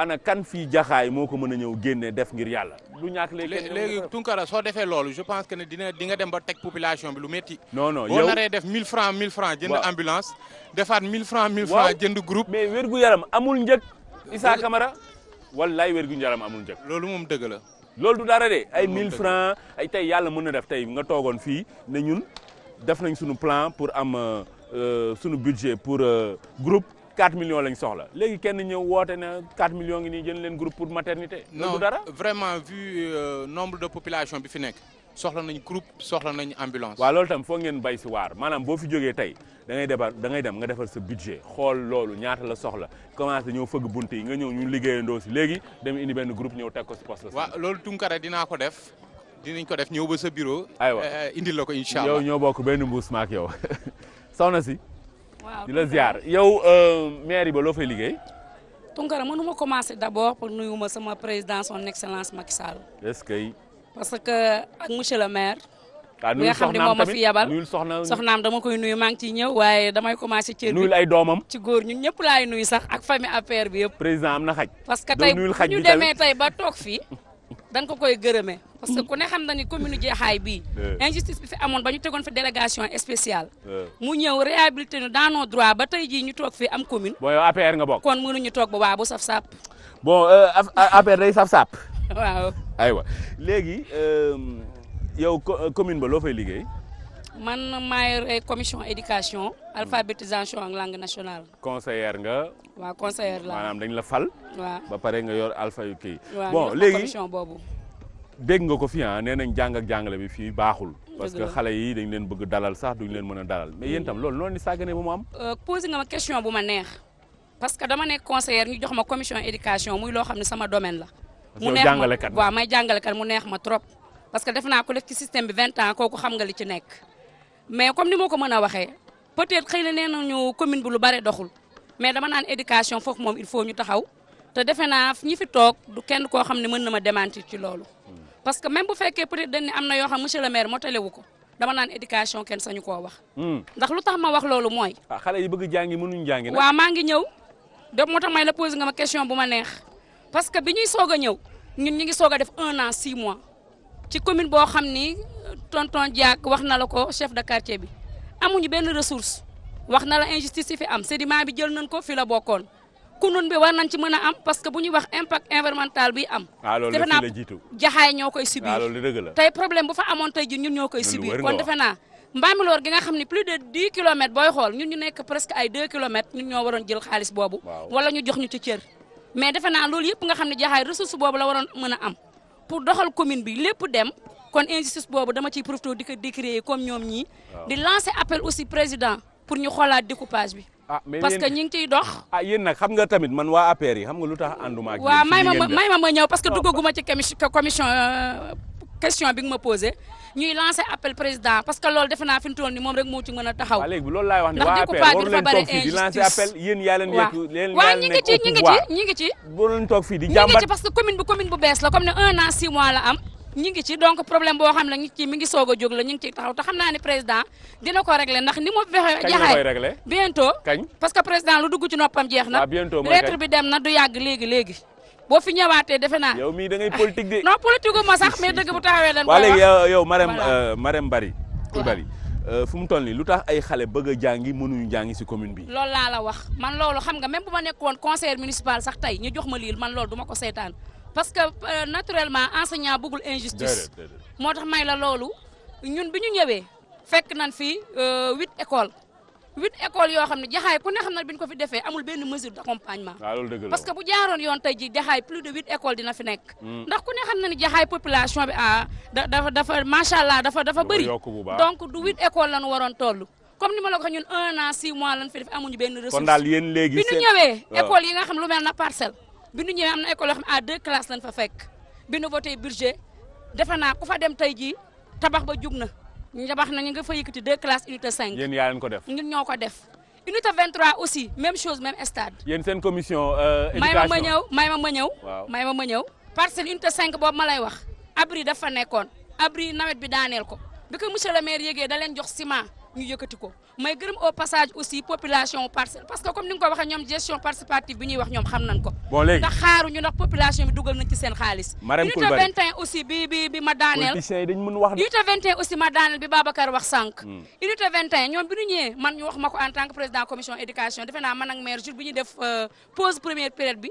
ana kan fii jaxaay moo ko mën a ñëw génne def ngir yàlla. du ñàkk léegi léegi Tunkara soo defee loolu je pense que ne dina di nga dem ba teg population bi lu métti. non non yow boo naree def 1000 francs 1000 francs jënd ambulance. defaat 1000 francs jënd groupe. mais wér gu yaram amul njëg. Issa Camara wallaay wer gu yaram amul njëg. loolu moom dëgg lool loolu du dara de ay 1000 francs ay tey yàlla mën na def tey nga toogoon fii ne ñun def nañ suñu plan pour am euh, euh, suñu budget pour euh, groupe. 4 millions lañ soxla léegi kenn ñëw woote na 4 millions ngi nii jënd leen groupe pour maternité. loolu dara vraiment vu euh, nombre de population bi fi nekk. soxla nañ groupe soxla nañ ambulance. waa loolu tam foo ngeen bay si waar maanaam boo fi jógee tey da ngay defar dem nga defar sa budget xool loolu ñaata la soxla commencé ñëw fëgg bunt yi nga ñëw ñu liggéeyandoo si léegi dem indi benn groupe ñëw teg ko si poste la. waaw loolu Tunkara dinaa ko def dinañ ko def ñëw ba sa bureau. aywa eh, eh, indil la ko incha allah yow ñoo benn mbuus ma ak yow [laughs] soxna si. di la ziar yow euh, maire ba loo fay liggéey. Tounkara mënuma commencer d'abord pour nuyu ma sama président son excellence Macky Sall. que. parce que ak monsieur le maire. ah nuyul soxnaam tamit nuyul soxnaam dama koy nuy maa ngi ciy ñëw waaye damay commencé. cër bi nuyul ay doomam. ci góor ñun ñëpp laay nuyu sax ak famille affaire bi yëpp. président am na xaj. parce que tey ñu demee tey ba toog fii. [laughs] dañ ko koy gërëme parce que ku ne xam na ni commune Jaxaay bii eh. injustice bi fi amoon ba ñu tegoon fi délégation spéciale eh. mu ñëw réhabilité ñu dans nos ba tey jii ñu toog fii am commune bon yow APR nga bokk kon mënuñu toog ba waa bu saf sap bon euh, APR day saf sap [laughs] waaw aywa léegi euh, yow commune ba loo fay liggéey man maa yore commission éducation alphabétisation ak langue nationale. conseillère nga. waaw conseillère la maanaam dañ la fal. waaw ba pare nga yor alpha yu kii. bon léegi commission boobu. dégg nga ko fii ah nee nañ jàng jàngale bi fii baaxul. parce que xale yi dañ leen bëgg dalal sax duñ leen mën a dalal mais yéen itam mm. loolu noonu ni sàggane ba mu am. Euh, posé nga ma question bu ma neex parce que dama nekk conseillère ñu jox ma commission éducation muy loo xam ne sama domaine la. mu neex ma waaw may mu neex ma trop. parce que def naa ko def xam nga li ci nekk. mais comme ni ma ko mën a waxee peut-être xëy na nee nañu commune bi lu bare doxul mais dama naan éducation foofu moom il faut ñu taxaw te defe naa ñi fi toog du kenn koo xam ne mën na ma démentir ci loolu. parce que même bu fekkee peut-être ni am na yoo xam monsieur le maire motale wu ko dama naan éducation kenn sañu koo wax. Hmm. ndax lu tax ma wax loolu mooy. ah xale yi bëgg jàngi mënuñ jàngi nag. waa maa ngi ñëw donc moo tax may la posé nga ma question bu ma neex parce que bi ñuy soog a ñëw ñun ñu ngi soog a def un an mois ci commune boo xam ni tonton Diak wax na ko chef de quartier bi amuñu benn ressource wax na la injustice yi fi am sédiment bi jël nañ ko fi la bokkoon kunun bi war nañ ci mën a am parce que bu ñu wax impact environnemental bi am. Ah, defe naa jaxaay ñoo koy subir ah, tey problème bu fa amoon tey ji ñun ñoo koy subir kon defe naa Mbambilor gi nga xam ne plus de 10 kilomètres booy xool ñun ñu nekk presque ay 2 kilomètres ñun ñoo waroon jël xaalis boobu wala ñu jox ñu ci cër mais defe naa xam ne jaxaay ressource boobu la waroon a am pour doxal bi lépp dem kon injustice boobu dama ciy profité di ko décrier comme ñoom ñii. di lancer appel aussi président pour ñu xoolaat découpage bi. Ah, parce que ñu ngi ciy dox. ah yéen nag xam nga tamit man waa APR yi xam nga lu tax ànduma ak. waaw may ma may ma ma ñëw parce que duggaguma ci commission euh, question bi nga ma posé. ñuy lancer appel président parce que loolu defe naa fi mu toll moom rek moo ci mën a taxaw. waaw léegi wax ne waa appel yéen yaa leen nekk leen waaw ñi ngi ñi ngi ci donc problème boo xam ne ñi ci mi ngi soog a jóg la ñu ngi ciy taxaw te xam naa ne président dina ko régler ndax ni mu fexe jaxaay bientôt kañ parce que président lu dugg ci noppam jeex na ah, lettre bi dem na du yàgg léegi léegi boo fi ñëwaatee defe naa yow mii da ngay politique de [laughs] non politique ma sax mais dëgg bu taxawee dañ [laughs] waa léegi yow Marème euh, Marème euh, fu mu toll nii lu tax ay xale bëgg jàngi mënuñu jàngi si commune bi loolu laa la wax man loolu xam nga même bu ma nekkoon conseil municipal sax tey ñu jox ma lii man loolu du ma ko seetaan parce que euh, naturellement enseignant bëggul injustice moo tax may la loolu ñun bi ñu ñëwee fekk nañ fi euh, huit écoles huit écoles yoo xam ne jaxaay ku ne xam ne ko fi defee amul benn mesure d' ah, que bu jaaroon yoon tey ji jaxaay plus de huit écoles dina fi nekk hmm. ndax ku ne xam ne jaxaay population bi ah dafa dafa macha allah dafa dafa bëri donc du huit écoles la ñu waroon toll comme ni ma la ko ñun un an six mois lañ fi amuñu benn ressource kon daal yéen léegi yi nga xam lu mel na parcelle bi nu ñëwee am na école yoo xam à deux classes lañ fa fekk bi nu voté budget defe naa ku fa dem tey jii tabax ba jug na ñu tabax na ñu nga fa yëkkati deux classes unité 5. yéen yaa leen ko def ñun ñoo ko def. unité 23 aussi même chose même stade. yéen seen commission éducation euh, may ma ma ñëw may ma ma ñëw. may ma ma ñëw. parcelle unité 5 boobu ma lay wax abri dafa nekkoon abri nawet bi daaneel ko bi ko monsieur le maire yëgee da leen jox ciment. ñu yëkkati ko may gërëm au passage aussi population parcelle parce que comme ni ko waxee ñoom gestion participative bi ñuy wax ñoom xam nañ ko bon léegi ndax xaaruñu population bi dugal nañ ci seen xaalis unité 21 aussi bi bi bi ma daaneel unité 21 aussi ma daaneel bi Babacar wax sànq hmm. unité ñoom bi ñu ñëwee man ñu wax ma ko en tant que président commission éducation defe naa man maire jour bi ñuy def euh, pause première période bi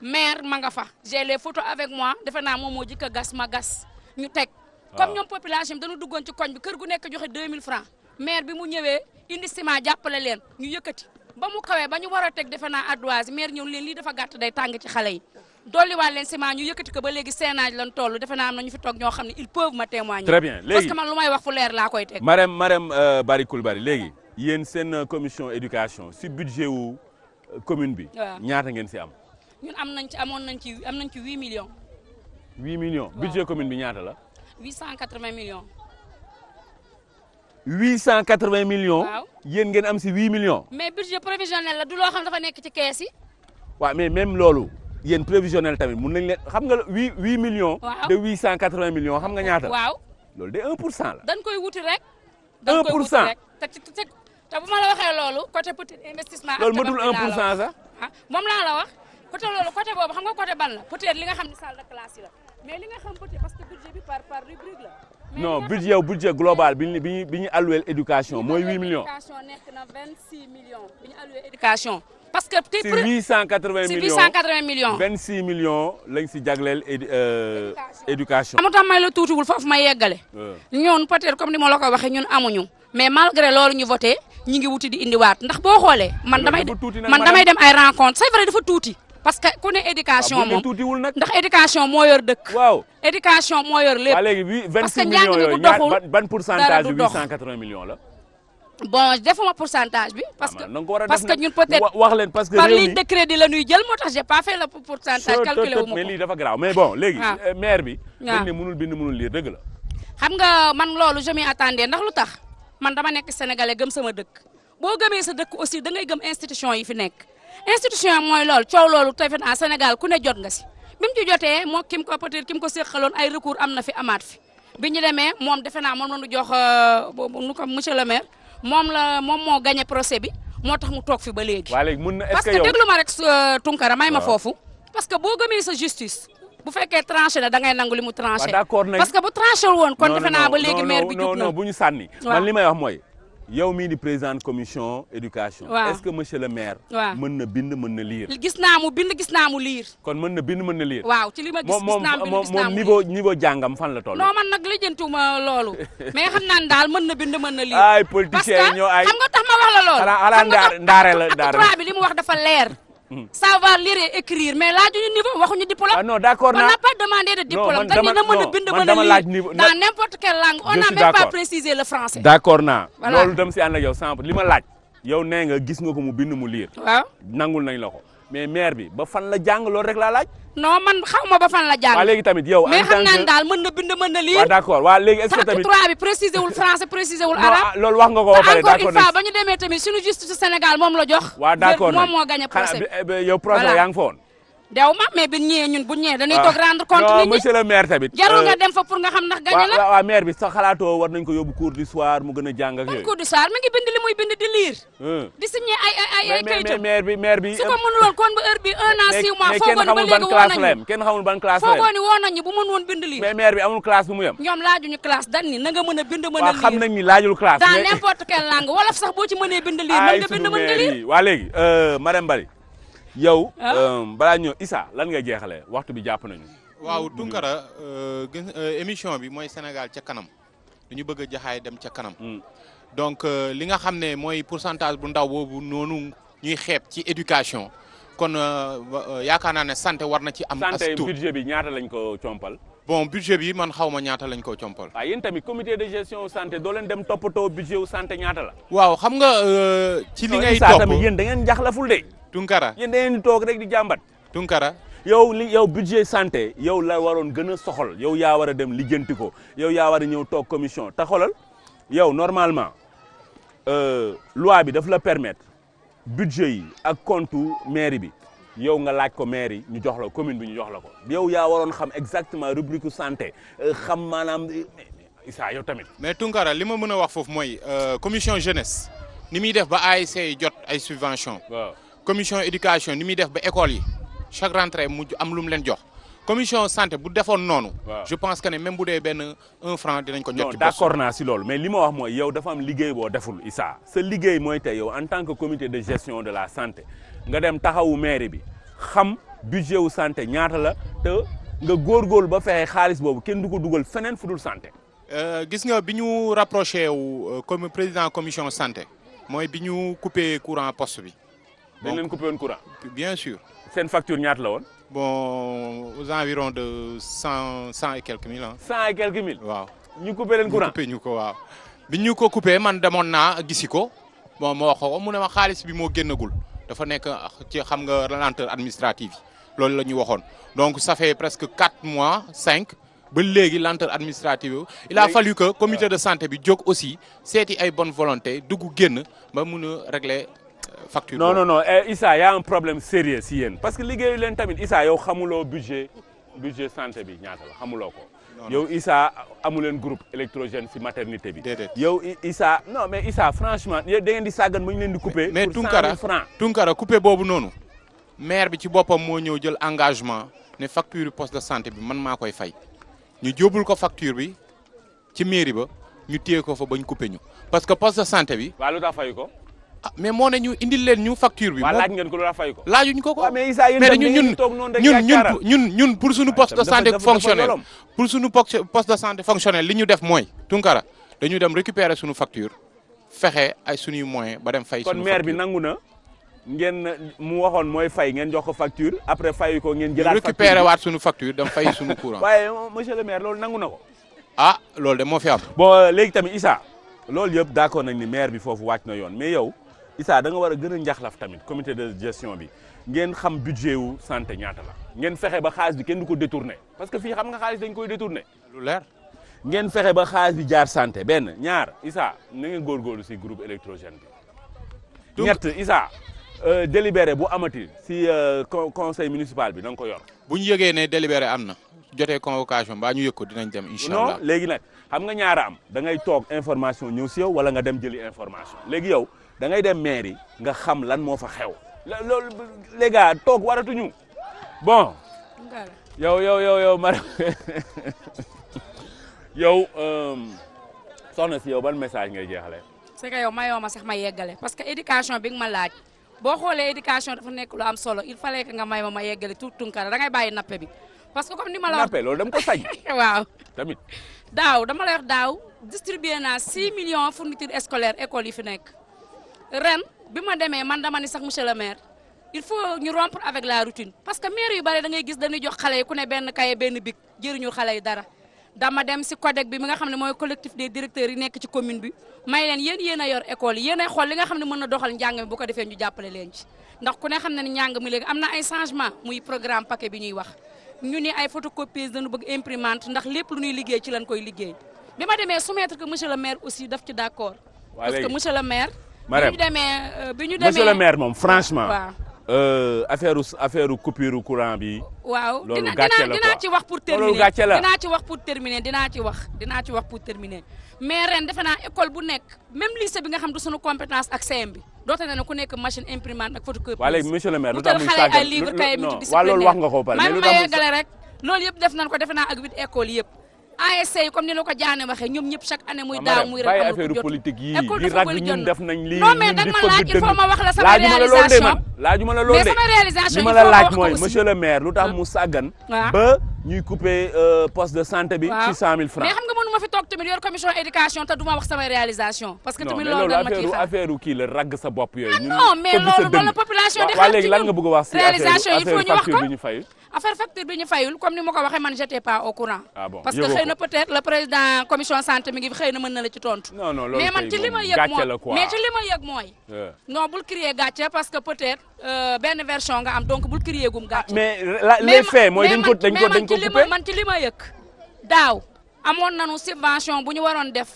maire ma fa j'ai les avec moi defe naa moom moo jëkk a ma gas ñu teg comme maire bi mu ñëwee indi ciment jàppale leen ñu yëkkati ba mu kawee ba ñu war a teg defe naa adduwaas maire ñëw leen lii dafa gàtt day tàng ci xale yi dolliwaat leen ciment ñu yëkkati ko ba léegi seenaaj lan toll defe naa am na ñu fi toog ñoo xam ne ils peuvent ma témoigner. très bien léegi parce que man lu may wax fu leer laa koy teg. Marème euh, léegi yéen seen euh, commission éducation si budget wu euh, commune bi. ñaata ngeen si am. ñun am nañ ci amoon nañ ci am nañ ci huit million huit millions budget commune bi ñaata la. huit cent quatre-vingts million huit cent quatre vingt millions. waaw yéen ngeen am si huit millions. mais budget prévisionnel la du loo xam dafa nekk ci kees yi. mais même loolu yéen prévisionnel tamit mun nañ leen xam nga huit huit millions. waaw de huit cent quatre xam nga ñaata. waaw loolu de un pour cent la. dañ koy wuti rek. un pour cent dañ bu ma la waxee loolu côté petit investissement. am loolu matul un pour cent sax. ah moom laa la wax côté loolu côté boobu xam nga côté ban la peut li nga xam ne salle de classe la mais li nga xam peut parce que budget bi par par la. non budget budget global bi ñu bi ñu alloué éducation mooy 8 millions. éducation nekk na 26 millions bi ñu alloué éducation. parce que tey si 880 millions si 880 millions. 26 millions lañ si jagleel euh, éducation. amu tax may la tuutiwul foofu may yeggale. ñoon peut comme ni ma la ko waxee ñun amuñu. mais malgré loolu ñu voté ñi ngi wuti di indiwaat ndax boo xoolee. man damay man damay dem ay rencontre c'est vrai dafa tuuti. parce que ku ne éducation ah, moom ndax éducation moo yor dëkk. waaw éducation moo yor lépp. léegi parce que njàng mi bu doxul ban pourcentage 880 bon defuma pourcentage bi. parce ah, que parce que ñun peut-être wax leen parce que par ligne de crédit la ñuy jël moo tax j'ai pas fait le pourcentage. calculé wu ma ko mais lii dafa grave mais bon léegi. Ah. Euh, maire bi. waaw ne mënul bind mënul lire la. xam nga man loolu je m'y ndax lu tax man dama nekk sénégalais gëm sama dëkk boo gamee sa dëkk aussi da ngay gëm institution yi fi nekk. institution mooy lool coow loolu tey fii naa Sénégal ku ne jot nga si bi mu ci jotee moo kim ko peut être kim ko séqaloon ay recours am na fi amaat fi bi ñu demee moom defe naa moom la ñu jox euh, nu ko monsieur le maire moom la moom moo gagné procès bi moo tax mu toog fi ba léegi. waa léegi mun parce que déglu ma rek euh, Tunkara may ma foofu. parce que boo gëmee sa justice. bu fekkee tranché na da ngay mu tranché. parce que bu tranché woon kon defe naa ba léegi maire bi jug bu ñu sànni. li may wax mooy. yow mii di présidente commission éducation. waaw ce que monsieur le maire. waaw mën na bind mën na liir. gis naa mu bind gis naa mu liir. kon mën na bind mën na liir. waaw ci li ma gis gis naa bind gis liir moom moom niveau niveau jàngam fan la toll. non man nag lijjantiwuma loolu [laughs] mais xam naa daal mën na bind mën na liir. ay politiciens ñoo ay parce que xam nga ma wax la loolu. xanaa xanaa ndaare la ndaare la. bi li mu wax dafa leer. savoir lire et écrire mais laajuñu niveau waxuñu diplôme. ah non d' accord naa on n' a pas demandé de diplôme. dañu na mën a bind mën a lire dans n' importe quelle langue. on n' pas précisé le français. d' accord naa. loolu dem si ànd ak yow samp li ma laaj. yow nee nga gis nga ko mu bind mu liir waaw nangul nañ la mais maire bi ba fan la jàng loolu rek laa laaj. non man xawma ba fan la jàng. waaw léegi tamit yow. en tant que mais xam naa daal mën na bind mën na lire. waa d'accord waaw léegi est-ce que tamit trois bi précisé wul français précisé wul ah, wax nga ko ba pare d'accord encore une fois ba ñu demee tamit suñu justice Sénégal moom la jox. waaw moom moo gagné procès bi eh, yow procès yaa ngi fa dew ma mais bi ñëwee ñun bu ñëwee dañuy ah. toog rendre compte nit ñi monsieur le maire tamit nga euh, dem fa pour nga xam na gañe la bi sax xalaatoo war nañ ko yóbbu cours du soir mu gën a jàng ak yooyu cours du soir mi ngi bind li muy bind di lire hmm. di signé ay bi maire bi su ko mënul woon nañu kenn xamul ban classe la bu mën woon bind lire mais maire bi amul classe bu mu ñoom laajuñu classe dan ni na mën a bind mën a lire xam nañ ni laajul classe dans n'importe yow ah? euh, balaa ñëw Issa lan nga jeexale waxtu bi jàpp nañu waaw Tunkara euh, gën euh, émission bi mooy Sénégal ca kanam dañu bëgg a jaxaay dem ca kanam hmm. donc li nga xam ne mooy pour pourcentage bu ndaw boobu noonu ñuy xeeb ci éducation kon yaakaar naa ne santé war na ci am santé budget bi ñaata lañ ko compal bon budget bi man xaw ma ñaata lañ ko compal waaw yéen tamit comité de gestion santé doo leen dem toppatoo budget wu santé ñaata la waaw xam nga ci li ngay topp yéen da ngeen Tunkara yéen da toog rek di jàmbat. Tunkara. yow li yow budget santé yow la waroon gën a soxal yow yaa war a dem lijjanti ko yow yaa war a ñëw toog commission te yow normalement euh, loi bi daf la permettre budget yi ak compte mairie bi yow nga laaj ko mairie ñu jox la commune bi ñu jox la ko yow yaa waroon xam exactement rubrique santé euh, xam maanaam Issa yow tamit. mais Tunkara li ma mën a wax foofu mooy euh, commission jeunesse ni muy def ba ASC yi jot ay subventions. commission éducation ni muy def ba école yi chaque rentrée mu am lu mu leen jox commission santé bu defoon noonu. je pense que ne même bu dee benn un franc dinañ ko. jot ci d'accord si loolu mais li ma wax mooy yow dafa am liggéey boo deful Issa sa liggéey mooy tey yow en tant que comité de gestion de la santé nga dem taxawu mairie bi xam budget wu santé ñaata la te nga góorgóorlu ba fexe xaalis boobu kenn du ko dugal feneen fu dul santé. Euh, gis nga bi ñu rapproché wu euh, comme président commission santé mooy bi ñu coupé courant poste bi. dañ leen coupé woon courant. bien sûr. seen facture ñaata la woon. bon aux environs de cent cent et quelques mille ah. cent waaw ñu coupé leen courant ñu ñu ko waaw. bi ñu ko coupé man demoon naa gisi ko bon ma wax ko mu ne ma xaalis bi moo génnagul dafa nekk ci xam nga lenteur administrative loolu la ñu waxoon donc ça presque quatre mois cinq. ba léegi lenteur administrative il fa fallu que comité de santé bi jóg aussi seeti ay bonne volonté dugg génn ba mun a facture non no non eh, Issa y a un problème sérieux si yéen parce que liggéeyu leen tamit Issa yow xamuloo budget budget santé bi ñaata la xamuloo ko. yow Issa amuleen leen groupe électrogène si maternité bi. yow Issa non mais Issa franchement da ngeen di sàggan ba ñu leen di couper. mais Tunkara Tunkara coupé boobu noonu. mair bi ci boppam moo ñëw jël engagement ne facture poste de santé bi man maa koy fay ñu jóbul ko facture bi ci mairie ba ñu téye ko fa bañ couper ñu parce que santé bi. waaw lu fay ko. Ah, mais moo ne ñu indil leen ñu facture bi. waaw laaj ngeen ko loola fay ko. laajuñ ko ko mais Issa yéen tam ñu ñun ñun ñun pour suñu poste de santé fonctionnel pour suñu poste de santé fonctionnel li ñu def mooy. Tunkara dañu dem récupérer suñu facture fexe ay suñuy moyen ba dem fay. suñu maire bi nangu na ngeen mu waxoon mooy fay ngeen jox ko facture après fayu ko ngeen. jëlaat facture récupérer waat suñu facture dem fay suñu [laughs] courant. waaye monsieur le maire loolu nangu na ko. ah loolu de moo fi am. bon léegi tamit Issa loolu yëpp d'accord nañ ni maire bi foofu wàcc na yoon mais yow Issa danga war a gën a njaxlaf tamit comité de gestion bi ngeen xam budget wu santé ñaata la ngeen fexe ba xaalis bi kenn du ko détourné parce que fii xam nga xaalis dañ koy détourné lu leer ngeen fexe ba xaalis bi jaar santé benn ñaar Issa na ngeen góorgóorlu si groupe électrogène bi ñett Issa euh, délibéré bu amati si euh, conseil municipal bi na nga ko yor bu ñu yëgee ne délibéré am na jote convocation ba ñu yëg ko dinañ dem incha allah non léegi nag xam nga ñaara am da ngay toog information ñëw si yow wala nga dem jëli information léegi yow da ngay dem mairie nga xam lan moo fa xew. loolu les toog waratuñu bon. yow yow yow yow Mariam yow euh, soxna si yow ban message ngay jeexale c'est que yow mayoo ma sax ma yeggale parce que éducation bi nga ma laaj boo xoolee éducation dafa nekk lu am solo il fa lekk nga may ma ma yeggale tout tunkara da ngay bàyyi nappe bi parce que comme ni ma la. nappe loolu dama ko sañ. [laughs] waaw tamit. daaw dama la wax daaw distribué naa 6 millions fourniture scolaire école yi fi nekk. ren bi ma demee man dama ni sax monsieur le maire il faut ñu rompre avec la routine parce que maire yu bare da ngay gis dañuy jox xale yi ku ne benn kaye benn bic jëriñu xale yi dara dama dem si CODEC bi mi nga xam ne mooy collectif des yi nekk ci commune bi may leen yéen yéen a li nga xam ne mën na doxal njàng mi ko defee ñu jàppale leen ci ndax ku ne xam ne ne njàng mi am na ay changement muy programme paquet wax ñu ni ay photocopies dañu bëgg imprimante ndax lépp lu ñuy liggéey ci lañ koy liggéey bi ma demee soumettre que monsieur le maire aussi daf ci d'accord parce que monsieur le maire Marème bi ñu demee euh, bi ñu demee monsieur le maire moom franchement. Euh, affaire affaire coupure courant bi. waaw loolu gàcce la dinaa ci wax pour terminer dinaa ci wax pour terminer dinaa ci wax dinaa ci wax pour terminer. mais ren defe naa école bu nekk même lycée bi nga xam du sunu compétence ak CM doote na ne ku nekk machine imprimante ak photocopie. waaw monsieur le maire lu tax muy sàggal ay livre kay bi ci discipline. waaw loolu wax nga ko pare mais lu tax muy loolu yëpp def nañ ko defe naa ak huit écoles yëpp. ASC yi comme ni la ko jaane waxee ñoom ñëpp chaque année muy daaw muy rek amul jot politique yi di rag ñun def nañ lii non mais danga ma laaj il faut ma wax la sama réalisation ma la loolu de laaju ma la loolu de mais sama réalisation il monsieur le maire lu tax mu ah. sàggan ah. ba ñuy couper euh, poste de santé bi. mais xam nga mënu ma fi toog tamit yor commission éducation te duma wax samay réalisation. parce que tamit loolu affaire kii la ragg sa bopp yooyu. Ah ñun mais loolu loolu la population. di xam ci léegi lan a wax si affaire facture bi ñu fay. comme ni ma ko waxee man pas au courant. Ah parce que xëy peut-être le président commission santé mi ngi xëy na na la ci tontu. non mais man ci li ma yëg mooy. mais ci li ma yëg Euh, benn version nga am donc bul crier gum gàtt. mais les faits mooy dañ ko dañ ko dañ ko coupé man ci li ma yëg daaw amoon nañu subvention bu ñu waroon def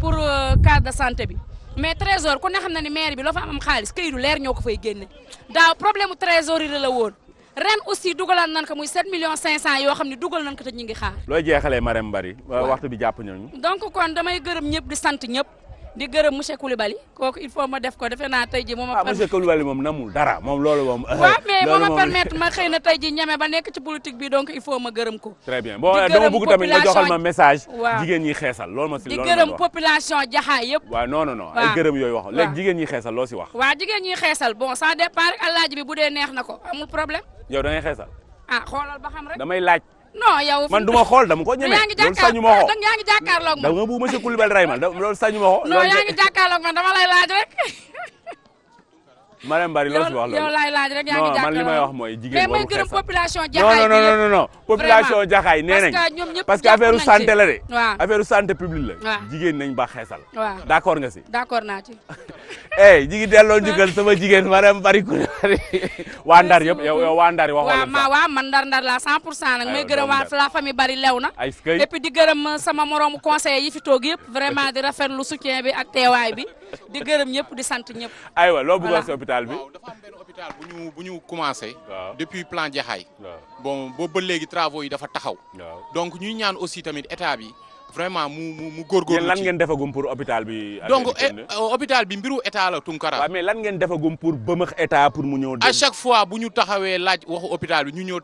pour euh, case de santé bi mais trésor ku ne xam na ni maire bi loo fa am xaalis këyitu leer ñoo ko fay génne daaw problème mu trésor yi la woon ren aussi dugalaan nan ko muy 7 millions 500 yoo xam ne dugal nan ko te ñu ngi xaar. looy jeexalee Marème Barry waxtu bi jàpp nañu. donc kon damay gërëm ñëpp di sant ñëpp. di gërëm monsieur Koulibaly kooku il faut ma def ko defe naa tey ji moo ma. ah monsieur Koulibaly moom namul dara moom loolu moom. Euh, loolu moom waaw mais [laughs] ma xëy na tey ji ñeme ba nekk ci politique bi donc il faut ma gërëm ko. très bien bon dama bëgg tamit nga joxal ma message. waaw jigéen ñi xeesal loolu ma si loolu di gërëm population jaxaay yëpp. waaw non wax jigéen ñi xeesal loo si wax. waaw jigéen ñi xeesal bon sans départ alaaji bi bu dee neex na ko amul problème. yow da ngay xeesal. ah xoolal ba xam rek laaj non yow man du ma xool dama ko ñeme loolu sañu ma ko yaa ngi jàkkaarloog man da nga bu monsieur Coulibaly Raymal loolu sañu ma ko. non yaa ngi jàkkaarloog man dama lay laaj rek. Marème Bari loo si wax loolu man li may wax mooy jigéen boobu xees mais may population jaxaay nee nañ parce que affaire sante la de waaw affaire santé publique la jigéen nañ ba xeesal waaw d'accord nga si d'accord naa ci [laughs] eh jigi delloo njukkal sama jigéen Marème Bari ku [laughs] waa Ndar yëpp yow yow waa Ndar yi waxoo waaw man Ndar Ndar la 100 pour cent nag may gërëm waa la famille Bari lew na et puis di gërëm euh, sama moroomu conseillers yi fi toog yëpp vraiment di rafetlu soutien bi ak teewaay bi di gërëm ñëpp di sant ñëpp aywa loo hôpital bi. waaw dafa am benn hôpital bu ñu bu ñu commencé. depuis plan Jaxaay. bon ba léegi travaux yi dafa taxaw. donc ñuy ñaan aussi tamit état bi. vraiment mu mu mu góorgóorlu ci lan ngeen defagum pour hôpital bi. donc eh, euh, hôpital bi mbiru état la Tunkara. waaw mais lan ngeen defagum pour bëmëx état pour chaque fois bu ñu taxawee laaj waxu hôpital bi ñu ñëw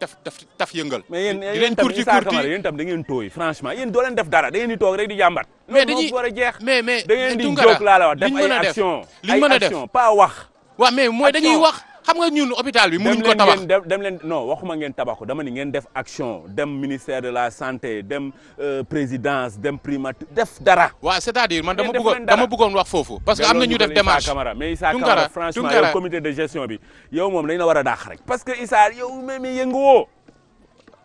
taf yëngal. mais tam yéen da tooy franchement yéen doo def dara da ngeen toog rek di jàmbat. mais dañuy mais mais mais di jóg laa la wax def ay action pas wax. waaw mais mooy dañuy wax xam nga ñun hôpital bi mënuñ ko tabax dem leen non waxuma ngeen tabax dama ni ngeen def action dem ministère de la santé dem euh, présidence dem primature def dara waaw c'est-à-dire man dama bëggoon dama foofu parce que am na ñu dem démarche mais Issa Camara franchement yow comité de gestion bi yow moom dañ la war a daax rek parce que Issa yow même yëngu woo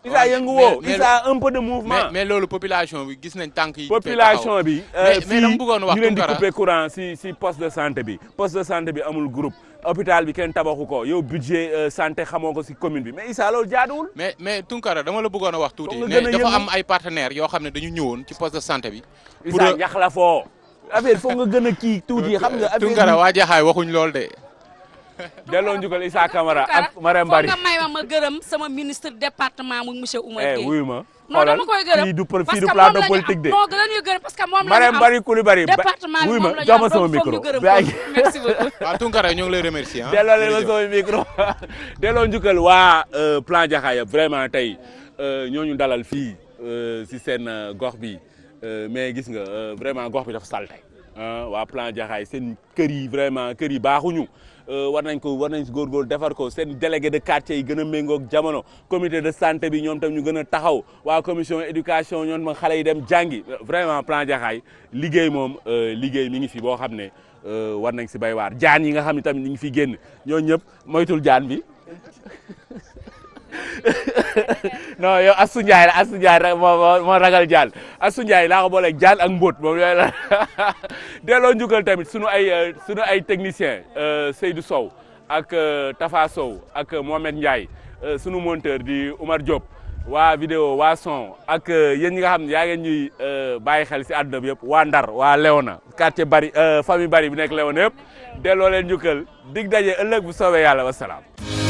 Issa yëngu Issa un peu de mouvement mais loolu population bi gis nañ tànk yi population bi euh, fii ñu leen di couper courant si si poste de santé bi poste de santé bi amul groupe hôpital bi kenn tabaxu ko yow budget euh, santé xamoo ko si commune bi mais Issa loolu jaaduwul mais mais Tunkara dama la bëggoon a wax tuuti mais dafa am ay partenaires yoo xam ne dañu ñëwoon ci poste de santé bi Issa ñax la foo affaire nga gën a kii tuuti euh, xam nga affaire Tunkara waa jaxaay waxuñ lool de [laughs] delloo njukal Issa Camara ak Marème Bari foog nga may ma ma gërëm sama ministre département mu monsieur Oumar eh, Gueye. wuyu ma fii du fii du gërëm parce que moom la ñu am Marème Bari Coulibaly. département bi moom la ñu am kon foog ñu gërëm [laughs] ah. delloo leen ma sama micro [laughs] waa euh, plan Jaxaay vraiment tey euh, ñooñu dalal fii euh, si seen gox bi mais gis nga vraiment gox bi dafa salte ah. waa plan Jaxaay seen kër yi vraiment kër yi baaxuñu. Euh, war nañ ko war nañ si góorgóor defar ko seen délégué de quartier yi gën a méngoog jamono comité de santé bi ñoom tam ñu gën a taxaw waa commission éducation ñoom ma xale yi dem jàngi vraiment plan Jaxaay liggéey moom euh, liggéey mi ngi fi boo xam ne euh, war nañ si bay waar jaan yi nga xam ne tamit ñu ngi fi génn ñoo ñëpp moytul jaan bi [laughs] non yow Assou Ndiaye la Assou Ndiaye rek moo ragal jaan Assou Ndiaye laa ko booleeg ak mbóot moom yooyu la [laughs] delloo njukkal tamit sunu ay euh, sunu ay technicien euh, Seydou Sow ak euh, Tafa Sow ak Mohamed Ndiaye sunu monteur di Oumar Diop waa vidéo waa son ak yéen nga xam ne yaa ngeen ñuy bàyyi xel si àdduna bi yëpp waa Ndar waa Léona quartier bari famille bari bi nekk Léona yëpp delloo leen njukkal dig daje ëllëg bu soobee yàlla wasalaam